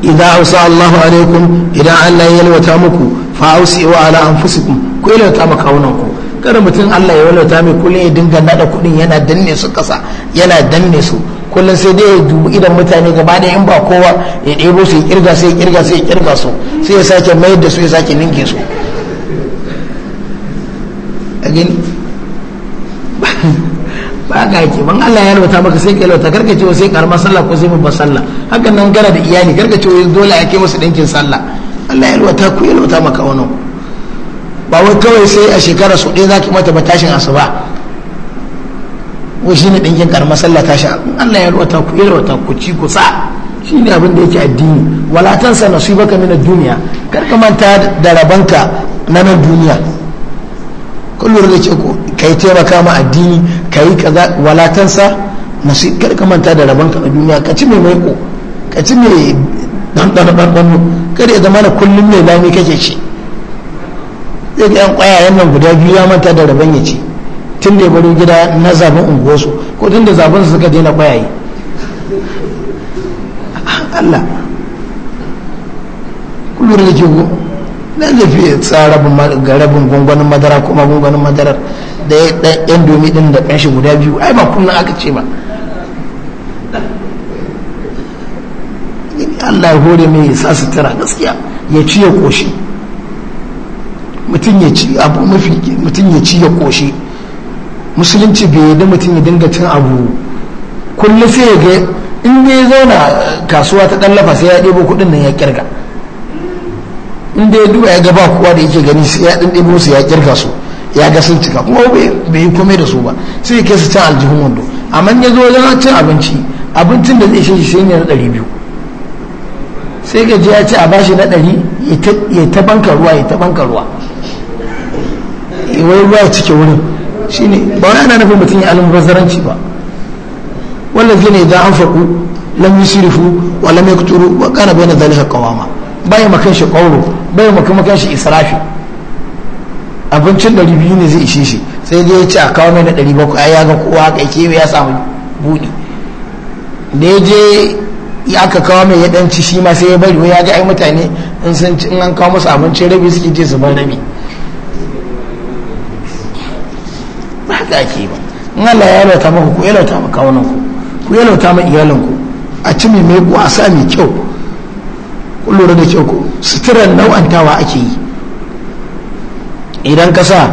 idan hausa allahu alaikum idan allah ya yalwata muku fa hausi wa ala an anfusikum ku yalwata ma ku. kada mutum allah ya yalwata mai kullum ya dinga nada kudin yana danne su kasa yana danne su kullum sai dai ya dubu idan mutane gaba da in ba kowa ya ɗebo su ya kirga sai ya kirga sai ya kirga su sai ya sake mayar da su ya sake ninke su gani ba ka yake ban Allah ya rubuta maka sai ka yalwata karka ce sai karma sallah ko sai babbar sallah hakan nan gara da iyali karka ce dole ake musu dinkin sallah Allah ya rubuta ku rubuta maka wannan ba wai kawai sai a shekara su ɗaya zaki mata tashin asuba ko shi ne ɗinkin karma sallah tashi Allah ya rubuta ku ya rubuta ku ci ku sa shi ne abin da yake addini wala tansa nasibaka min ad-dunya karka manta da rabanka na nan duniya kullum da ke ku kai taimaka ma addini kai kaza walatansa musu kar ka manta da rabon ka na duniya ka ci mai maiko ka ci mai dan dan dan dan kada ya zama kullum mai lami kake ci zai ga yan kwayayen nan guda biyu ya manta da rabon ya ci tun da ya baro gida na zaben unguwarsu ko tun da zaben su suka daina kwayaye Allah kullum da ke ku na tsara tsarabin garabin gungunan madara kuma gungunan madarar da ya ɗan yan domi ɗin da ƙanshi guda biyu ai ba kuna aka ce ba Allah ya hore mai sa sutura gaskiya ya ci ya ƙoshi mutum ya ci abu mafi mutum ya ci ya ƙoshi musulunci bai yadda mutum ya dinga cin abu kullum sai ya ga in ya zauna kasuwa ta ɗan lafa sai ya ɗebo kuɗin nan ya kirga in da ya duba ya ga ba kowa da yake gani ya ya ɗin musu ya kirka su ya ga sun cika kuma bai yi komai da su ba sai ke su cin aljihun wando amma ya zo wajen cin abinci abincin da zai shi shi ne na ɗari biyu sai ka ji ya ce a bashi na ɗari ya ta banka ruwa ya ta banka ruwa wai ruwa ya cike wurin shine ba wani ana nufin mutum ya bazaranci ba wallafi ne da an faɗu lam sirifu wa ya yaqturu wa bai na zalika qawama bai makan shi qawlu bai makamakan shi israfi abincin ɗari biyu ne zai ishe shi sai dai ya ci a kawo mai na ɗari bakwai ya ga kowa kai yake ya samu buɗi da ya je ya aka kawo mai ya ɗan ci shi ma sai ya bari ya ga ai mutane in sun ci in an kawo musu abincin rabi suke je su bar rabi ba haka ke ba in Allah ya lauta maka ku lauta ma kawunan ku ku lauta ma iyalanku a ci mai mai a sami mai kyau kun lura da kyau suturan suturar nau'antawa ake yi idan kasa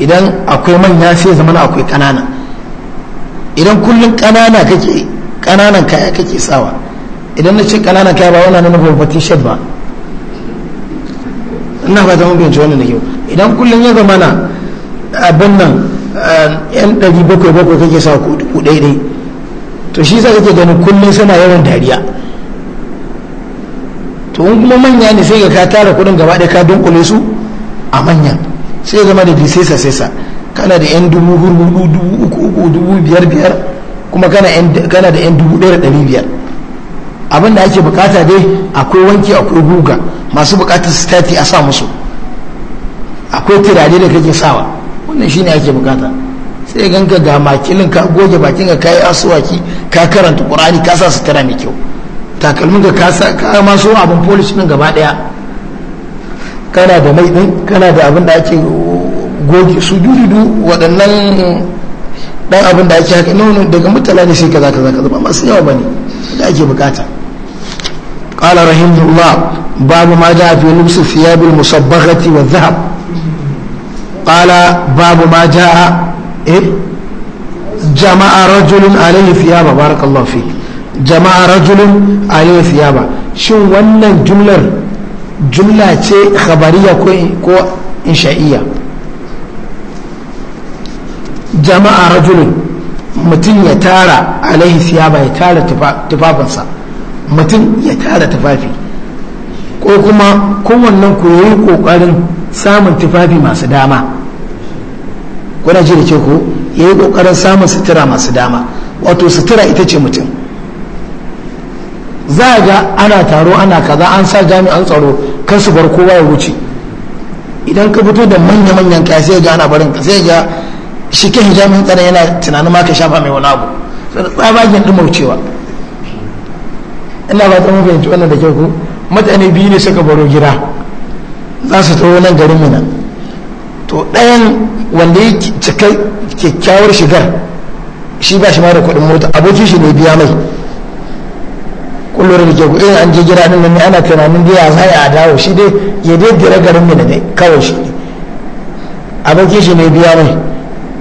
idan akwai manya sai zama akwai kanana idan kullum kanana kake kananan kaya kake sawa idan na ce kananan kaya ba wani na nufin fatin shed ba ina ba zama bincin wannan da yau idan kullum ya zama na abin nan eh, yan ɗari bakwai bakwai kake sawa ku dai to shi sa kake ganin kullum suna yawan dariya to in kuma manya ne sai ga ka tara kuɗin gaba da ka dunkule su a manya sai zama da sesa sesa kana da yan dubu hudu dubu uku uku dubu biyar biyar kuma kana da yan dubu ɗaya da ɗari biyar abin da ake bukata dai akwai wanki akwai guga masu bukatar stati a sa musu akwai turare da kake sawa wannan shine ake bukata sai ganka ga makilin ka goge bakin ka kayi asuwaki ka karanta qur'ani ka sa sutura mai kyau takalmin ka ka ma so abin polish din gaba daya kana da mai din kana da abin da ake goge su dududu waɗannan dan abin da ake haka nono daga mutala ne sai kaza kaza kaza ba masu yawa bane da ake bukata قال رحمه الله باب ما جاء في لبس الثياب المصبغة والذهب قال باب ما جاء إيه جمع رجل عليه ثياب بارك الله فيه jama'a rajulun alayhi thiyaba shin wannan jumlar jumla ce khabariya ko insha'iyya jama'a rajulun mutum ya tara alaihi thiyaba ya tara tufafinsa mutum ya tara tufafi ko kuma kowannen ku yi kokarin samun tufafi masu dama kuna ji da ke ko yayi kokarin samun sutura masu dama wato sutura ita ce mutum za a ga ana taro ana kaza an sa jami'an tsaro kan su bar kowa ya wuce idan ka fito da manya-manyan kaya sai ga ana barin ka sai ga shi ke hijamin tsaron yana tunanin ma ka shafa mai wani abu sai da tsabagen cewa. ina ba ta mafi wannan da ke ku mutane biyu ne suka baro gida za su taho nan garin mu nan to ɗayan wanda ya cika kyakkyawar shigar shi ba shi ma da kuɗin mota abokin shi ne biya mai kullum da ke ku eh, an je gida din nan ana tunanin biya za a dawo shi dai ya dai garin mina ne kawai shi ne baki shi ne biya mai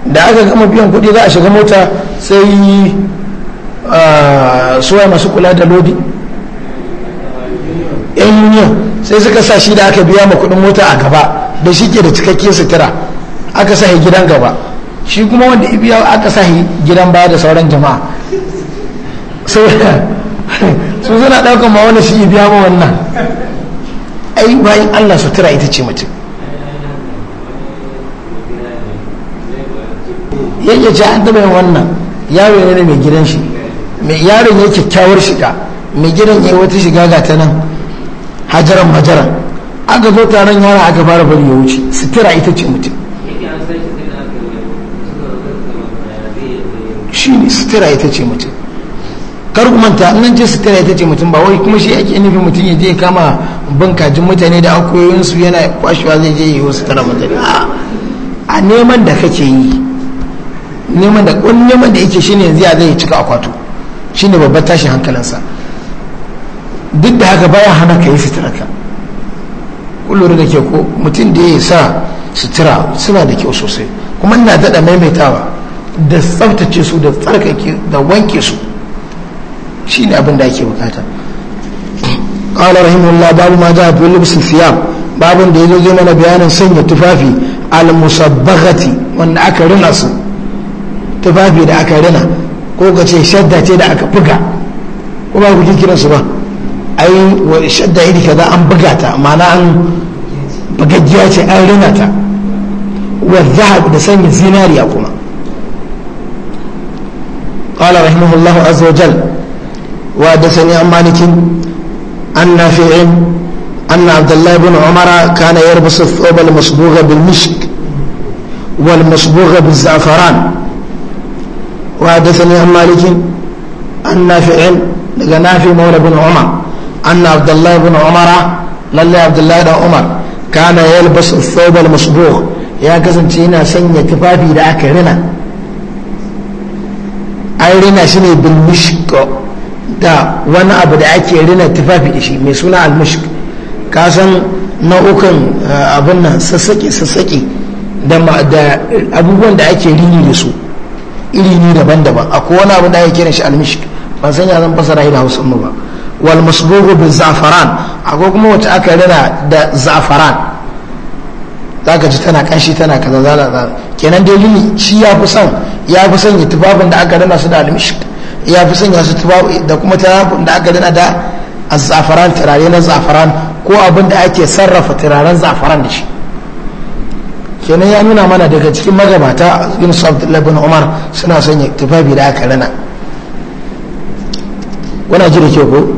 da aka gama biyan kuɗi za a shiga mota sai ah, suwa masu kula da lodi yan union sai suka sa shi da aka biya ma kuɗin mota a gaba da shi ke da cikakken sutura aka sa gidan gaba shi kuma wanda ibiya aka sa gidan ba da sauran jama'a su suna ɗaukan ma wani shi biya ma wannan ai bayan allah sutura ita ce mutum yanke ce an taɓa wannan yaro ne mai gidan shi mai yaron ya kyakkyawar shiga mai gidan ya wata shiga ga ta nan hajaran majaran aka zo taron yara aka fara bari ya wuce sutura ita ce mutum shi ne sutura ita ce mutum karkumanta nan manta ce sutura ita ce mutum ba wai kuma shi ake nufin mutum ya je kama bin kajin mutane da akoyoyin yana kwashewa zai je yi wasu tara mutane a neman da kake yi neman da wani neman da yake shine yanzu ya zai cika akwato shine babbar tashi hankalinsa duk da haka baya hana ka yi sutura ka kullum da ke ko mutum da ya sa sutura suna da kyau sosai kuma ina daɗa maimaitawa da tsaftace su da tsarkake da wanke su shi ne abin da ake bukata qala babu ma ja'a fi lubs thiyab babun da mana bayanin sanya tufafi al wanda aka rina su tufafi da aka rina ko ka ce shadda ce da aka buga ko ba ku ji ba ai wa shadda kaza an buga ta ma'ana an bugaggiya ce an rina ta wa zahab da sanya zinariya kuma قال رحمه الله عز وجل وحدثني عن مالك عن نافع أن عبد الله بن عمر كان يربص الثوب المصبوغ بالمشك والمصبوغ بالزعفران وحدثني عن مالك عن نافع لقى نافع مولى بن عمر أن عبد الله بن عمر للي عبد الله بن عمر كان يلبس الثوب المصبوغ يا قسم تينا سنة كفافي لأكرنا أي رنا شنو بالمشك da wani abu da ake rina tufafi da shi mai suna almushk ka san nau'ukan eh, abin nan sassaƙe sassaƙe da abubuwan da ake rini da su iri ne daban-daban akwai wani abu da ake kiran shi almushk ban san ya zan fasara da hausa mu ba wal masbuhu bi zafaran akwai kuma wata aka rina da zafaran zaka ji tana kanshi tana kaza zala kenan dai rini shi ya fi son ya fi son yi tufafin da aka rina su da almushk ya fi sanya su tuba da kuma ta da aka dana da a zafaran turare na zafaran ko abin da ake sarrafa turaren zafaran da shi kenan ya nuna mana daga cikin magabata yin soft labin umar suna son ya tuba bi da aka dana wana ji da ke ko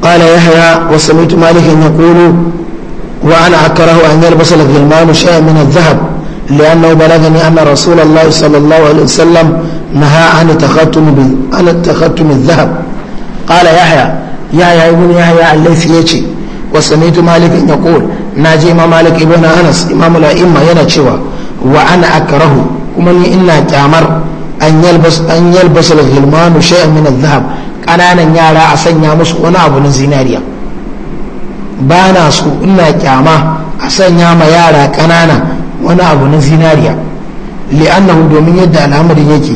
kala ya haya wasu mutu malikin ya kuru wa ana akarahu an yalbasa da mamu sha'a min zahab lianna balagani anna rasulallah sallallahu alaihi نهى عن التختم عن التختم الذهب قال يحيى يحيى ابن يحيى الليثي يجي وسمعت مالك يقول ناجي ما مالك ابن انس امام الائمه yana cewa wa ana akrahu kuma ni ina kyamar an yalbas an yalbas al-ghilman shay'an min adh-dhahab yara a sanya musu wani abu na zinariya ba na so ina kyama a sanya ma yara ƙanana wani abu na zinariya li'annahu domin yadda al'amarin yake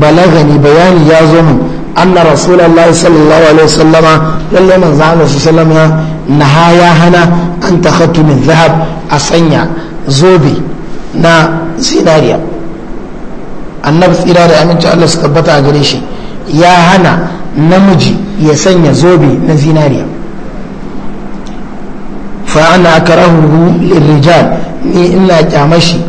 balagani bayani ya zo mun anna rasulullahi sallallahu alaihi wasallama lalle manzo Allah sallama naha ya hana an takhattu min zahab a sanya zobe na zinariya annabi tsira da aminci Allah su tabbata a gare shi ya hana namiji ya sanya zobe na zinariya fa ana karahu lirijal ni ina kyamashi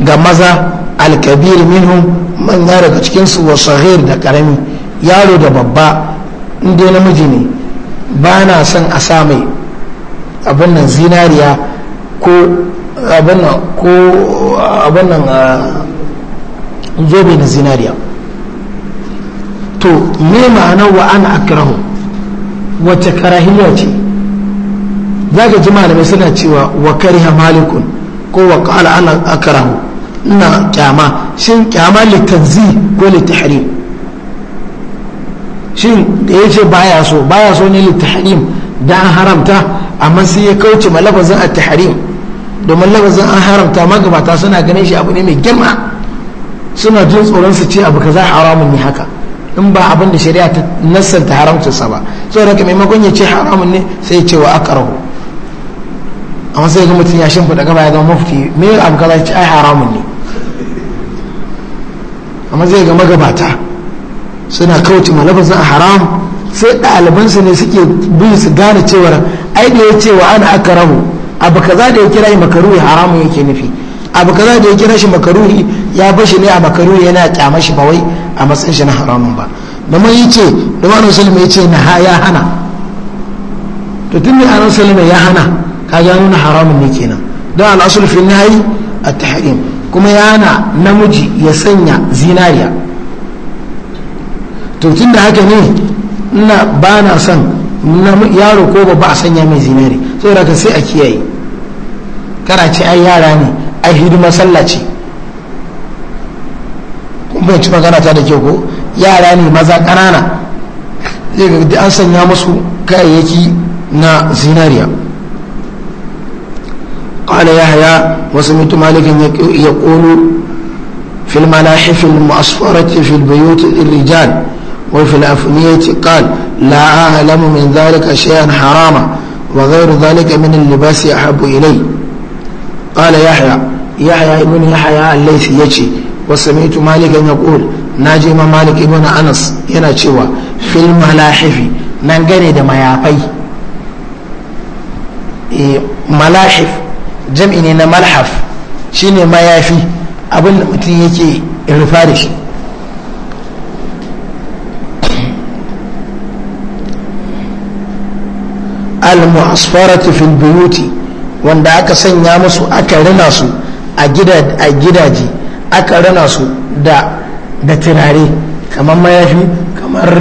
ga maza alkabir minhum manya daga cikinsu wa sahir da karami yaro da babba inda namiji ne ba na son a sa mai abin nan zinariya ko abin nan ko abin nan ah, zobe na zinariya to me ma'ana wa an akrahu wace karahiyya ce za ka ji malamai suna cewa wa kariha malikun ko wa ƙala an akrahu ina kyama shin kyama litanzi ko litahrim shin da ya ce baya so baya so ne litahrim da an haramta amma sai ya kauce ma lafazin at-tahrim domin lafazin an haramta magabata suna ganin shi abu ne mai girma suna jin tsoron su ce abu kaza haramun ne haka in ba abin da shari'a ta nassanta haramcinsa ba so haka maimakon ya ce haramun ne sai ya ce wa akarahu amma sai ga mutum ya shimfiɗa gaba ya zama mafti me abu kaza ci ai haramun ne amma zai ga magabata suna kauce ma lafazin haram sai ɗalibansu ne suke bin su gane cewar ai da ya ce wa ana aka rahu abu kaza da ya kira shi makaruhi haramun yake nufi abu kaza da ya kira shi makaruhi ya bashi ne a makaruhi yana kyama shi bawai a matsayin shi na haramun ba domin yi ce domin wani salima ya ce na ya hana to tun da anan salima ya hana kaga nuna haramun ne kenan don al'asul fi nahi at tahrim kuma yana namiji ya sanya zinariya to tun da haka ne ina ba na son yaro ko ba a sanya mai zinari saboda ka sai a kiyaye kana ce ai yara ne ai hidima sallah ce kun bai ci magana ta da kyau ko yara ne maza kanana zai ga an sanya musu kayayyaki na zinariya قال يحيى وسمعت مالكا يقول في الملاحف المؤصفرة في البيوت الرجال وفي الأفنية قال لا أعلم من ذلك شيئا حراما وغير ذلك من اللباس أحب إلي قال يحيى يحيى ابن يحيى الليث يجي وسمعت مالكا يقول ناجي مالك ابن أنس ينا في الملاحف من قرد ما يعطي malahif jam'i ne na malhaf shine mayafi abin da mutum yake rufa da shi al-mu'asfaratu fil buyuti wanda aka sanya musu aka rina su a gidaje aka rina su da da turare kamar mayafi kamar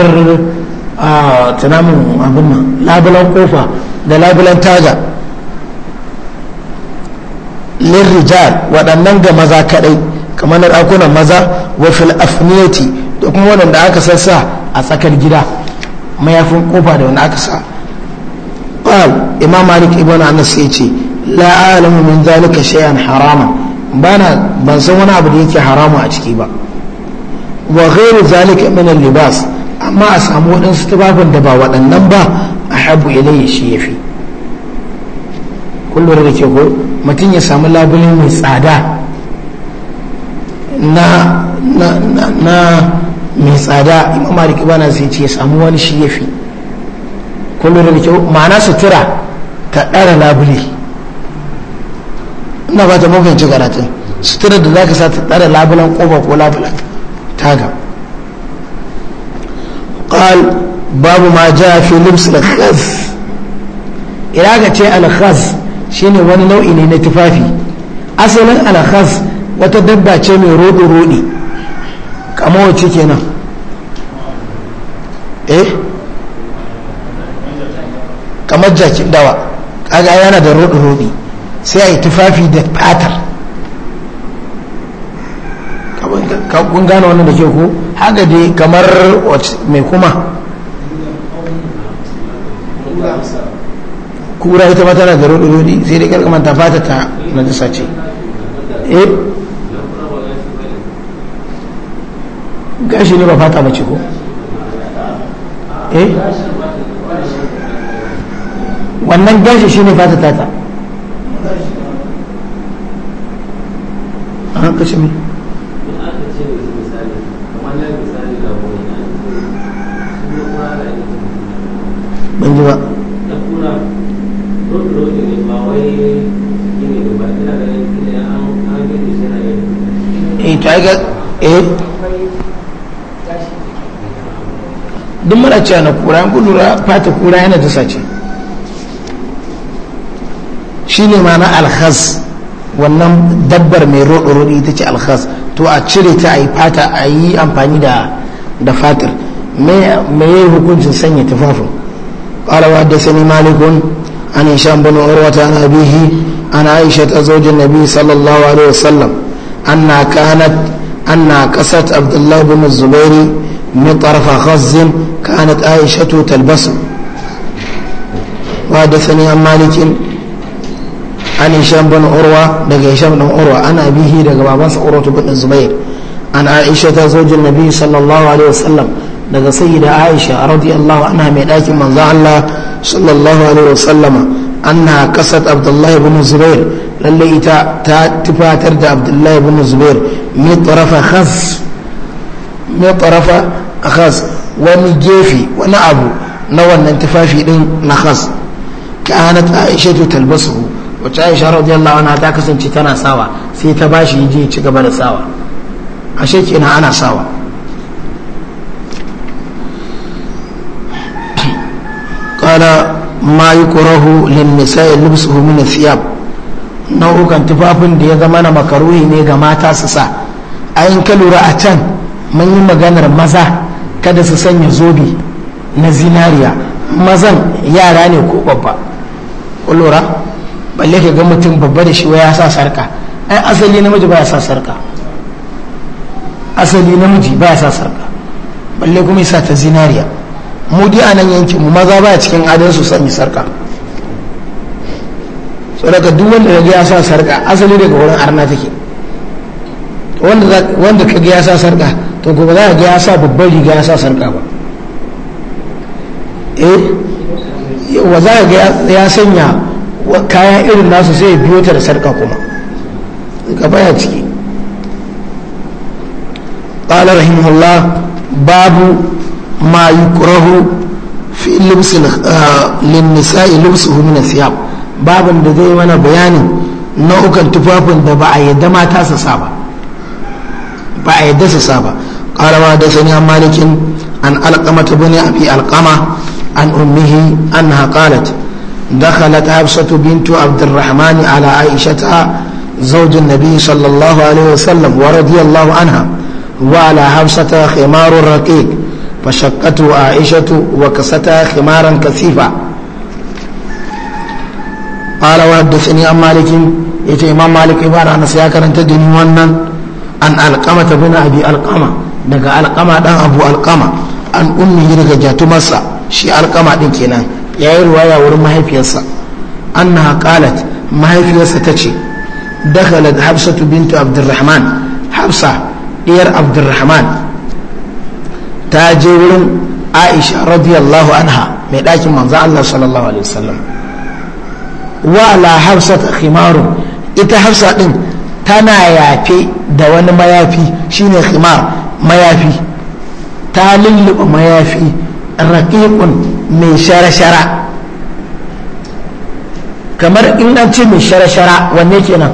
ah, tunamin abin nan labulan kofa da labulan taga lirrijal waɗannan ga maza kaɗai kamar na ɗakunan maza wa da kuma waɗanda aka sassa a tsakar gida mayafin kofa da wani aka sa qal imam malik ibn anas ya ce la min zalika shay'an harama bana ban san wani abu da yake haramu a ciki ba wa ghairu zalika min libas amma a samu waɗansu tufafin da ba waɗannan ba a habu ilayya shi yafi kullum da ke ko mutum ya samu labulin mai tsada na na na na mai tsada imam malik bana sai ce ya samu wani shi ya fi kullum da kyau ma'ana sutura ta dara labule ina ba ta mafiyanci karatun sutura da za ka sa ta dara labulan ƙofa ko labulan taga Qal babu ma ja fi ما al-khaz ila ga ce al-khaz shine wani nau'i ne na tufafi asalin alkhas wata dabba ce mai rodo rodi kama wacce kenan eh kamar jakin dawa kaga yana da rodo rodi sai a yi tufafi da fatar kun gane wannan da ke ku haka dai kamar mai kuma kura ita ma tana da rodi sai dai karka manta fata ta najasa ce eh? gashi ne ba fata ba ce ko eh? wannan gashi shine fata tata an kashe mai ga eh yana shi ne ma alhaz wannan dabbar mai roɗo roɗe ita ce alhaz to a cire ta a yi fata a yi amfani da fatar me ya yi hukuncin sanya tufafin ƙarawa da sani malikun an shan bin wata na abihi an aisha ta zojin nabi sallallahu alaihi wasallam أنها كانت أنها قصت عبد الله بن الزبير من طرف خز كانت عائشة تلبسه وحدثني عن مالك عن هشام بن عروة دق هشام بن عروة أنا أبيه دق باباس عروة بن الزبير عن عائشة زوج النبي صلى الله عليه وسلم دق سيدة عائشة رضي الله عنها من آية من الله صلى الله عليه وسلم أنها كست عبد الله بن الزبير للي إتا تفاتر دا عبد الله بن الزبير مطرف خص مطرف خص ومجيفي ونعب نوان انتفافي دين نخص كانت عائشة تلبسه وعائشة رضي الله عنها تاكس انتنا ساوا سيتباشي يجي تقبل ساوا عشيك انا انا ساوا قال ما يكره للنساء لبسه من الثياب nau'ukan tufafin da ya zama na makaruhi ne ga mata su sa a yin kalura a can mun yi maganar maza kada su sanya zobe na zinariya mazan yara ne ko babba lura balle ka ga mutum babba da shi ya sa sarka ai asali namiji baya sa sarka asali namiji baya sa sarka balle kuma ya sa ta zinariya mu dai a nan yankin mu maza baya cikin adan su sanya sarka saboda duk wanda kaga ya sa sarka asali daga wurin arna take wanda kaga ya sa sarka to gobe za ka ga ya sa babban riga ya sa sarka ba eh wa za ka ga ya sanya kayan irin nasu sai biyo ta da sarka kuma gaba ya ciki قال رحمه الله باب ما يكره في لبس للنساء لبسه من الثياب babin da zai mana bayanin nau'ukan tufafin da ba a yadda mata ba ba karawa da sani malikin an alƙama ta bane a fi alƙama an ummihi an haƙalat da khalat hafsatu bintu abdurrahman ala zaujin zawjin nabi sallallahu alaihi wasallam wa radiyallahu anha wa ala hafsata khimarur raqiq fashaqqatu aishatu wa kasata khimaran kasifa قال وحدثني عن مالك يتى امام مالك عباره انس يا كرنت دني wannan ان القمه بن ابي daga دغا ɗan دان ابو القمه ان امي دغا جاتو مسا شي القمه دين كينان yayi riwaya wurin mahaifiyarsa annaha qalat mahaifiyarsa ta ce dakhalat habsatu bintu abdurrahman habsa ɗiyar abdurrahman ta je wurin aisha radiyallahu anha mai dakin manzo Allah sallallahu wa la hafsat khimaru ita hafsa din tana yafe da wani mayafi shine khimar mayafi ta lulluɓa mayafi raƙiƙun mai shara-shara kamar in ce mai shara-shara wanne kenan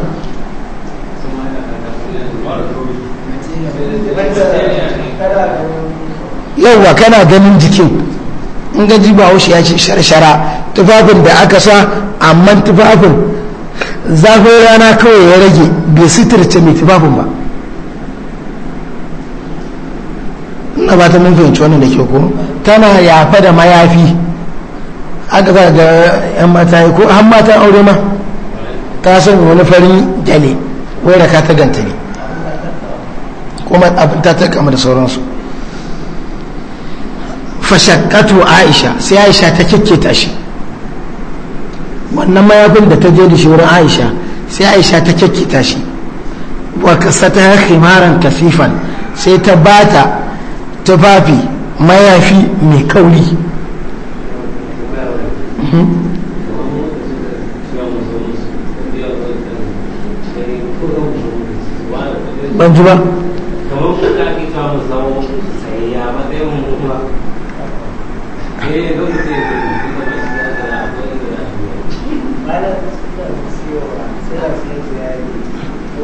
yauwa kana ganin jikin in gaji ba ya ce shara-shara tufafin da aka sa amma tufafin zafin rana kawai ya rage bai sitirce mai tufafin ba na ba ta mun fahimci da ke ko tana yafa da mayafi aka za da yan mata yi ko an mata aure ma ta san wani farin gyale wai raka ta ganta ne kuma abin ta ta kama da sauransu Fashakatu aisha sai aisha ta kyakkyata shi wannan mayafin da ta je da shi aisha sai aisha ta ta shi wa kasata khimaran sifan sai ta bata tufafi mayafi mai kauri mhm. ban ji ba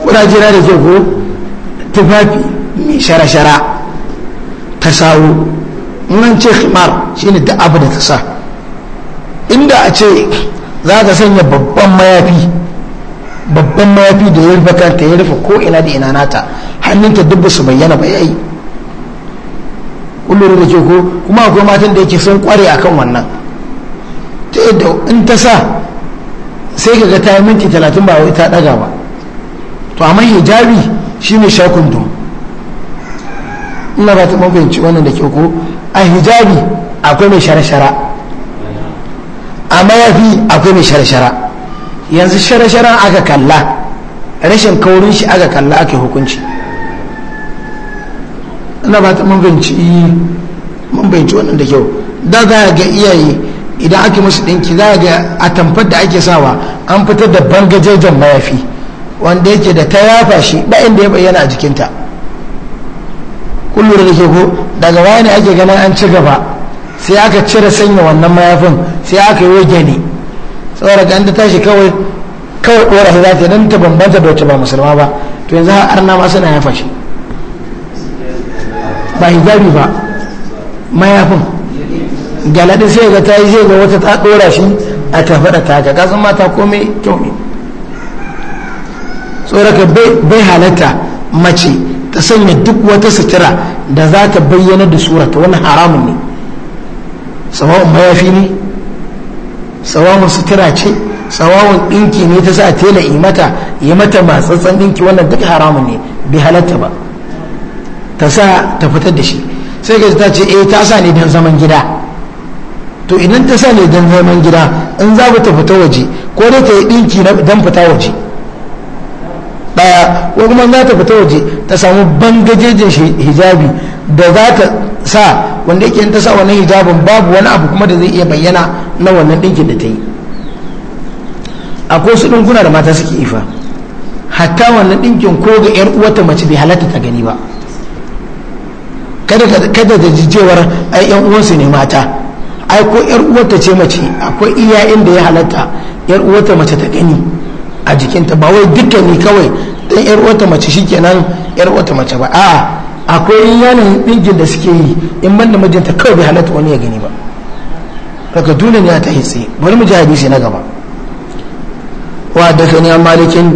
kudaje na da zoho tufafi mai shara-shara ta sawo nan ce khimar shine duk abu da ta sa inda a ce za ka sanya babban mayafi babban mayafi da ya rufe kanta ya rufe ko ina da inanata nata hannunta duk su bayyana ba yi kullum da ke ko kuma akwai matan da yake sun kware akan wannan ta yadda in ta sa sai ga ta yi minti talatin ba wai ta daga ba to amma hijabi ne shakun dum ina ba ta mabanci wannan da ke ko a hijabi akwai mai shara-shara a mayafi akwai mai shara-shara yanzu shara-shara aka kalla rashin kaurin shi aka kalla ake hukunci ina ba ta mabanci wannan da kyau da za ga iyaye idan ake musu ɗinki za ga a tamfar da ake sawa an fitar da bangajejen mayafi wanda yake da ta yafa shi ba inda ya bayyana a jikinta kullum da ke ko daga waya ne ake ganin an ci gaba sai aka cire sanya wannan mayafin sai aka yi ne saboda ga an ta tashi kawai kawai ɗora shi za ta nan ta bambanta da wacce ba musulma ba to yanzu har arna ma suna yafa shi ba hijabi ba mayafin galadi sai ga ta yi zai ga wata ta dora shi a kafaɗa ta ga kasan mata komai kyau ne tsoraka bai halatta mace ta sanya duk wata sutura da za ta bayyana da surata wani haramun ne sawa'un mayafi ne sawa'un sutura ce sawa'un ɗinki ne ta sa tela yi mata yi mata matsatsan ɗinki wannan duk haramun ne bai halatta ba ta sa ta fitar da shi sai ga ta ce eh ta sa ne don zaman gida to idan ta sa ne don zaman gida in za ta fita waje ko dai ta yi ɗinki don fita waje ɗaya ko kuma za ta fita waje ta samu bangajejin hijabi da za ta sa wanda yake ta sa wannan hijabin babu wani abu kuma da zai iya bayyana na wannan ɗinkin da ta yi akwai su ɗinkuna da mata suke ifa hatta wannan ɗinkin ko ga 'yar uwata mace bai halatta ta gani ba kada da jijewar ai 'yan uwansu ne mata ai ko yar uwarta ce mace akwai iya inda ya halatta yar uwarta mace ta gani a jikinta ba wai dukkan ni kawai dan yar uwarta mace shikenan yar uwarta mace ba a akwai yanayin dingin da suke yi in banda mijinta kawai bai halatta wani ya gani ba daga dunan ya ta hitsi bari mu ji hadisi na gaba wa daga malikin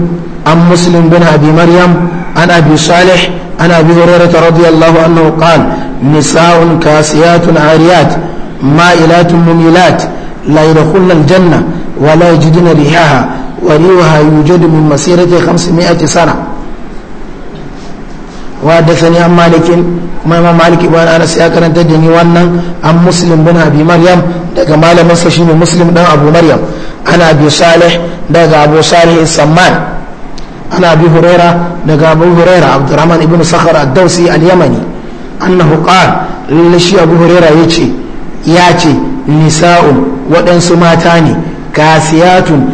an muslim bin abi maryam an abi salih an abi hurairah radiyallahu anhu qala nisa'un kasiyatun ariyat مائلات مميلات لا يدخلن الجنة ولا يجدن ريحها وريحها يوجد من مسيرة خمسمائة سنة وحدثني عن مالك ما امام مالك بن انس يا كرنت دني wannan an muslim bin abi maryam daga malamin sa shine muslim dan abu maryam ana abi salih daga abu salih samman ana abi huraira daga abu huraira abdurrahman ibn sakhar ad-dawsi al-yamani annahu lallai shi abu huraira ce. ya ce nisa'un waɗansu mata ne kasiyatun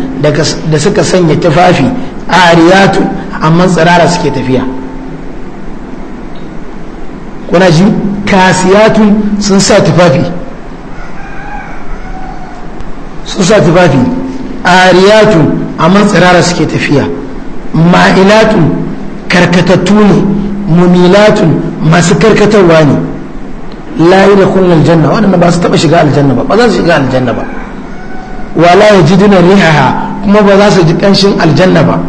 da suka sanya tufafi ariyatun amma tsirara suke tafiya kuna ji kasiyatun sun sa tufafi sun sa tufafi ariyatun amma tsirara suke tafiya ma'ilatun karkatattu ne mumilatun masu karkatarwa ne la yadkhuluna aljanna wanda ba su taɓa shiga aljanna ba ba za su shiga aljanna ba wala yajiduna rihaha kuma ba za su ji ƙanshin aljanna ba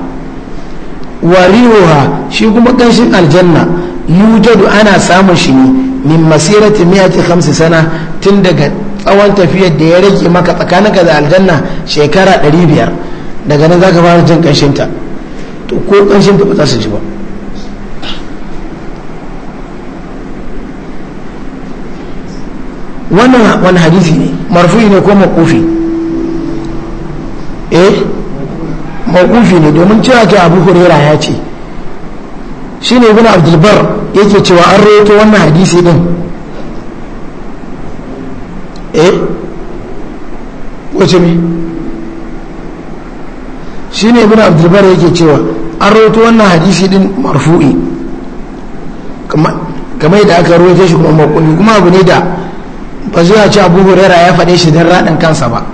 wa rihuha shi kuma ƙanshin aljanna yujadu ana samun shi ne min masirati hamsi sana tun daga tsawon tafiyar da ya rage maka tsakaninka da aljanna shekara biyar daga nan ka fara jin ƙanshinta to ko kanshin ta ba za su ji ba wannan wani hadisi ne marfu'i ne ko makufi eh makufi ne domin cewa ke abu hurera ya ce shi ne ibn abdulbar yake cewa an rawaito wannan hadisi din eh wace me shi ne ibn abdulbar yake cewa an rawaito wannan hadisi din marfu'i kamar yadda aka rawaito shi kuma makufi kuma abu ne da ba zuwa ce abu huraira ya faɗe shi don raɗin kansa ba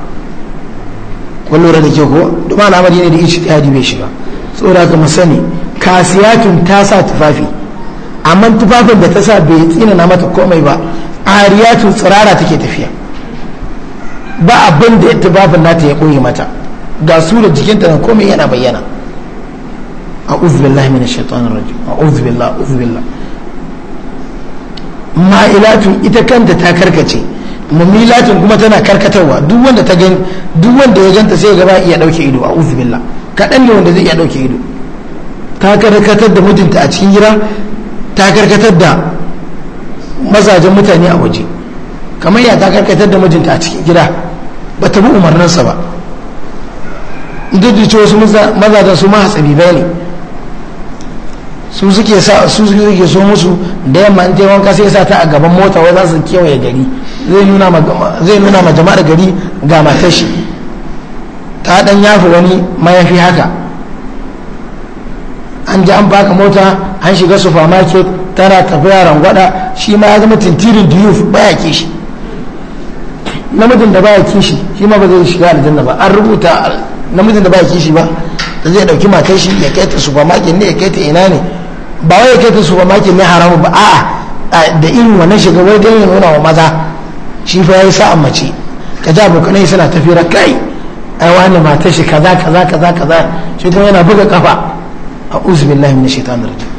kun lura da ke ko duk al'amari ne da ishi ɗaya shi shiga saboda ka mu sani kasiyatun ta sa tufafi amma tufafin da ta sa bai tsina na mata komai ba ariyatun tsirara take tafiya ba abin da tufafin nata ya koyi mata ga su da jikinta na komai yana bayyana a uzubillah minash shaitanir rajim a uzubillah uzubillah ma'ilatun ita kanta ta karkace mamilatun kuma tana karkatarwa duk wanda ta gani duk wanda ya ganta sai gaba iya dauke ido a uzubillah kaɗan ne wanda zai iya dauke ido ta karkatar da mutunta a cikin gida ta karkatar da mazajen mutane a waje kamar ya ta karkatar da mijinta a cikin gida ba ta bi umarninsa ba duk da cewa wasu mazajen su ma hatsabi ne su suke sa su suke so musu da yamma in taimakon kasa ya sa ta a gaban mota wai za su kewaye gari zai nuna ma jama'ar gari ga matar shi ta dan yafi wani mayafi haka an ji an baka mota an shiga supermarket tana tafiya rangwada shi ma ya zama tintirin diyuf baya ke shi namijin da baya kishi shi ma ba zai shiga aljanna ba an rubuta namijin da baya kishi ba da zai dauki matar shi ya kai ta supermarket ne ya kai ta ina ne ba wai kai ta maki ne haramu ba a'a da irin wannan shiga wai dan ya nuna wa maza shi fa yayi sa'an mace ka ji abokanai suna tafira kai ai wani matar shi kaza kaza kaza kaza shi kuma yana buga kafa a uzbillahi min shaitanir rajim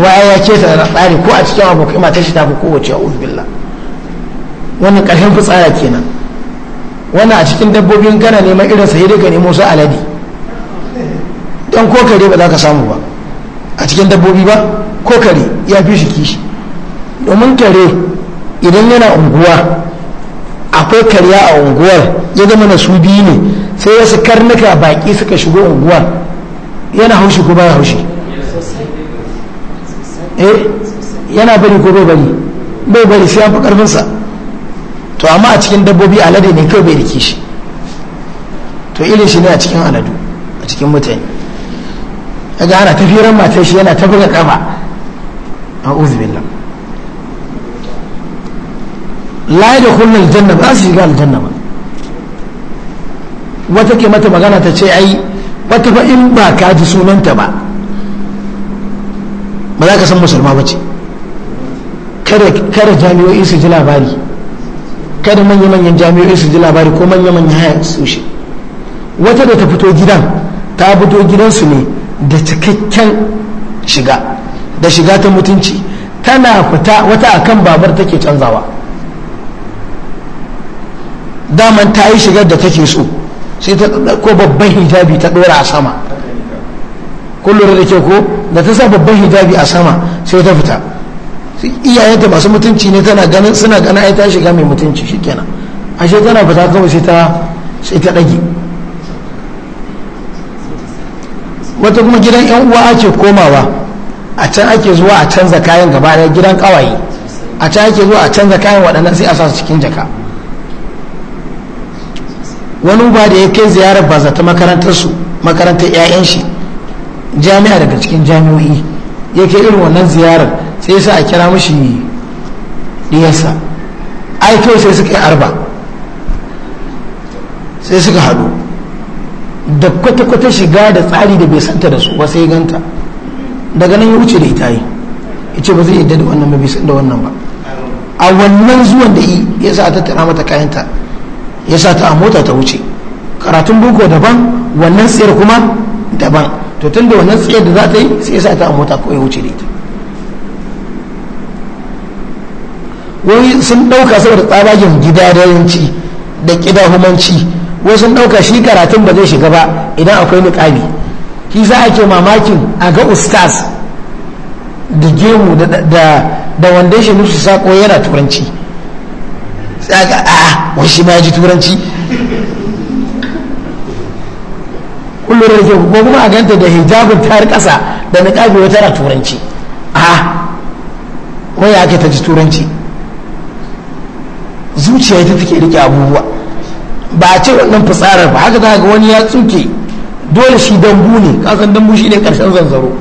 wa ya ce ta tsari ko a cikin abokai matar shi ta fi kowace a uzbillah wannan karshen fitsara kenan wannan a cikin dabbobin gana neman irin sai dai ka nemo su alade don ko kare ba za ka samu ba a cikin dabbobi ba ko kare ya fi shi kishi domin kare idan yana unguwa akwai karya a unguwar ya zama na su biyu ne sai ya su karnuka baki suka shigo unguwar yana haushi ko baya haushi eh yana bari ko bai bari bai bari sai an fi karfinsa to amma a cikin dabbobi alade ne kawai bai da kishi to irin shi ne a cikin aladu a cikin mutane daga ana tafiran matar shi yana ta buga kama a uzubillah la da kullum aljanna ba su shiga aljanna ba wata ke mata magana ta ce ai wata fa in ba ka ji sunanta ba ba za ka san musulma ba ce kada jami'o'i su ji labari kada manya-manyan jami'o'i su ji labari ko manya-manyan haya su shi wata da ta fito gidan ta fito gidansu ne da cikakken shiga da shiga ta mutunci tana fita wata akan babar take canzawa daman ta yi shigar da take so sai ta ko babban hijabi ta dora a sama kullum da ke ko da ta sa babban hijabi a sama sai ta fita iyayenta masu mutunci ne tana ganin suna ganin ai ta shiga mai mutunci shikenan ashe tana fita kawai sai ta sai ta dage wata kuma gidan yan uwa ake komawa a can ake zuwa a canza kayan gaba da gidan kawaye a can ake zuwa a canza kayan waɗannan sai a sa su cikin jaka wani uba da ya kai ziyarar baza ta su makarantar 'ya'yan shi jami'a daga cikin jami'o'i ya kai irin wannan ziyarar sai sa a kira mashi diyarsa ai kawai sai suka yi arba sai suka haɗu da kwata-kwata shiga da tsari da bai santa da su ba sai ganta daga nan ya wuce da ita yi ya ce ba zai yadda da wannan ba bai san da wannan ba a wannan zuwan da yi ya sa ta tara mata kayanta ya sa ta a mota ta wuce karatun boko daban wannan tsayar kuma daban to tun da wannan tsayar da za ta yi sai ya sa ta a mota ko ya wuce da ita wani sun ɗauka saboda tsabagen gidadayanci da ƙidahumanci wasu ɗauka shi karatun ba zai shiga ba idan akwai niƙami shi za a ke mamakin a ga ustaz da gemu da wanda shi nufi sako yana turanci sai ga a wani shi ma ya ji turanci kullum da ke ko kuma a ganta da hijabin tar ƙasa da niƙami wata na turanci a waya ake ta ji turanci zuciya ita take rike abubuwa ba a ce wannan fitsarar ba haka daga wani ya tsuke dole shi dambu ne kasan dambu shi ne karshen zanzaro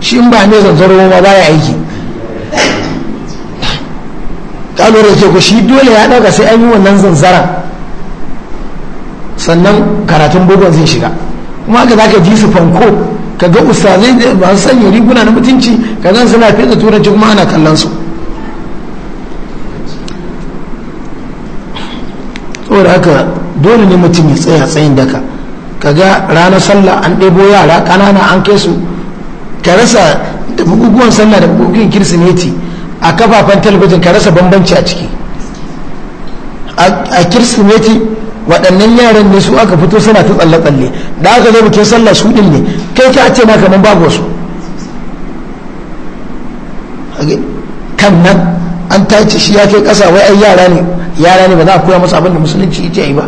shi in ba ne zanzaro ma ba ya aiki ka ke ce ku shi dole ya ɗauka sai an yi wannan zanzara sannan karatun bugun zai shiga kuma haka za ka ji su fanko ka ga ustazai masu sanya riguna na mutunci ka gan suna fiye da turanci kuma ana kallon su saboda haka dole ne mutum ya tsaya tsayin daka kaga ranar sallah an ɗebo yara ƙanana an kai su ka rasa da bukukuwan sallah da bukukuwan kirsimeti a kafafen talabijin ka rasa bambanci a ciki a kirsimeti waɗannan yaran ne su aka fito suna ta tsalle-tsalle da aka zo bikin sallah su ɗin ne kai ka ce maka kamar babu wasu kan nan an tace shi ya kai ƙasa wai ai yara ne yara ne ba za a koya musu abin da musulunci ita yi ba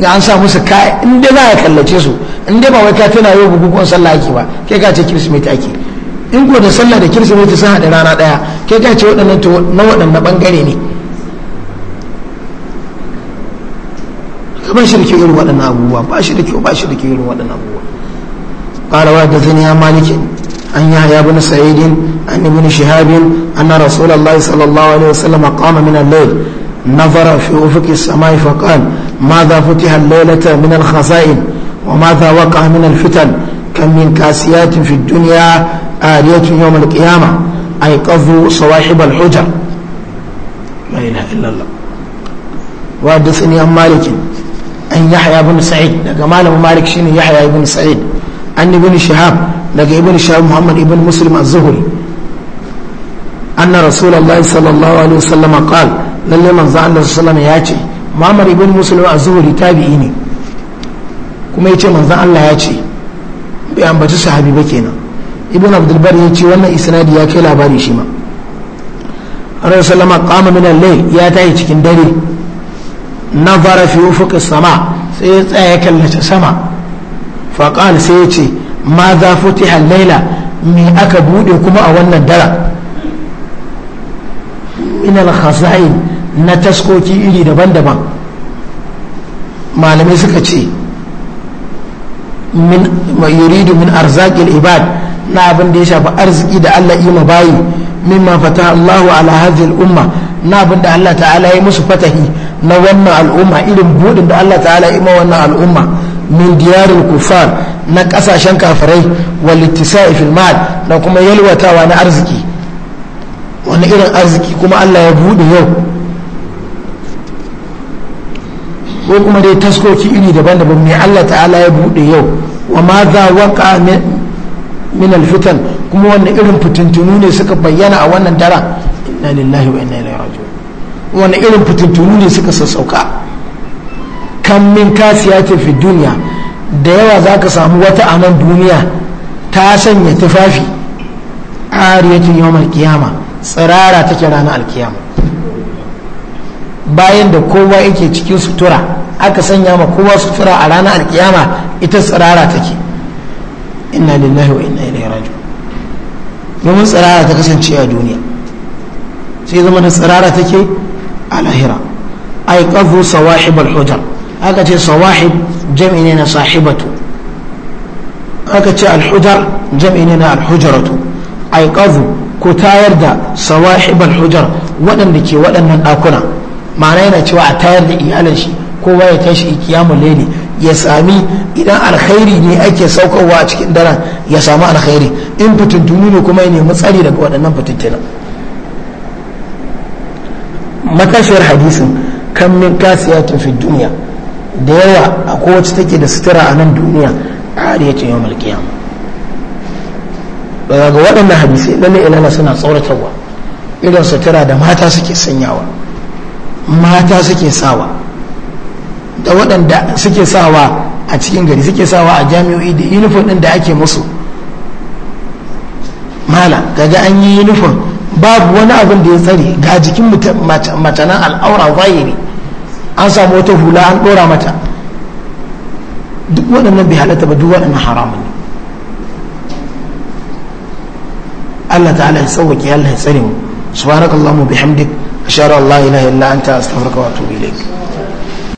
ga an sa musu kaya in dai za a kallace su in dai ba wai ka tana yau bukukuwan sallah ake ba kai ka ce kirsimeti ake in ko da sallah da kirsimeti sun haɗa rana ɗaya kai ka ce waɗannan to na waɗanne ɓangare ne ba shi da ke irin waɗannan abubuwa ba shi da kyau ba shi da kyau irin waɗannan abubuwa ƙarawa da zaniya maliki أن يحيى بن سعيد أن ابن شهاب أن رسول الله صلى الله عليه وسلم قام من الليل نظر في أفق السماء فقال ماذا فتح الليلة من الخزائن وماذا وقع من الفتن كم من كاسيات في الدنيا آلية يوم القيامة أيقظوا صواحب الحجر لا إله إلا الله وحدثني عن مالك أن يحيى بن سعيد قال مالك شنو يحيى بن سعيد أن ابن شهاب daga ibn shahab muhammad ibn muslim az-zuhri anna rasulullahi sallallahu alaihi wasallam qal lalle manzo Allah sallallahu alaihi ya muhammad ibn muslim az-zuhri tabi'i ne kuma yace manzo Allah ya ce bai ambaci sahabi ba kenan ibn abdul bar ya ce wannan isnadi ya kai labari shi ma annabi sallama qama min al-layl ya tayi cikin dare nazara fi ufuq as-sama sai ya tsaya ya kallace sama fa sai ya ce ma za futiha laila me aka bude kuma a wannan dara minal khaza'in na taskoki iri daban-daban malamai suka ce min yuridu min arzakil ibad na abin da ya shafi arziki da Allah yi ma bayi mimma fataha Allahu ala hadhihi umma na abin da Allah ta'ala ya musu fatahi na wannan al'umma irin budin da Allah ta'ala ya ima wannan al'umma min diyarul kufar na kasashen kafirai walittisa'i fil mal da kuma yalwatawa na arziki wani irin arziki kuma Allah ya bude yau ko kuma dai taskoki iri daban-daban mai Allah ta'ala ya bude yau wa ma za waka min alfitan kuma wani irin fitintunu ne suka bayyana a wannan daren inna lillahi wa inna ilaihi raji'un wani irin fitintunu ne suka sassauka kan min kasiya ta fi duniya da yawa za ka samu wata a nan duniya ta sanya tufafi ariyatun yawon alkiyama tsirara take ranar alkiyama bayan da kowa yake cikin sutura aka sanya ma kowa sutura a ranar alkiyama ita tsirara take inna lillahi wa inna ilaihi raji'un domin tsirara ta kasance a duniya sai zama da tsirara take a lahira ai qadhu sawahib al-hujar aka ce sawahib jam'i ne na sahibatu aka ce alhujar jam'i ne na alhujaratu aiqazu ko tayar da sawahib alhujar waɗanda ke waɗannan ɗakuna ma'ana yana cewa a tayar da iyalan shi kowa ya tashi ikiyamu laili ya sami idan alkhairi ne ake saukarwa a cikin daren ya samu alkhairi in fitintuni ne kuma ya nemi tsari daga waɗannan fitintuna matashiyar hadisin kan min kasiyatin fi duniya da yawa a kowace take da sutura a nan duniya a ariyacin yau malkiya daga ga waɗannan hadisai lalle ilala suna tsoratarwa irin sutura da mata suke sanyawa mata suke sawa da waɗanda suke sawa a cikin gari suke sawa a jami'o'i da uniform ɗin da ake musu mala kaga an yi uniform babu wani abin da ya tsare ga jikin mace nan al'aura zahiri an samu wata hula an ɗora mata duk waɗannan bai halatta ba duk waɗannan haramun ne Allah ta'ala ya sauwake Allah ya tsare mu subhanakallahumma bihamdik ashhadu an la ilaha illa anta astaghfiruka wa atubu ilayk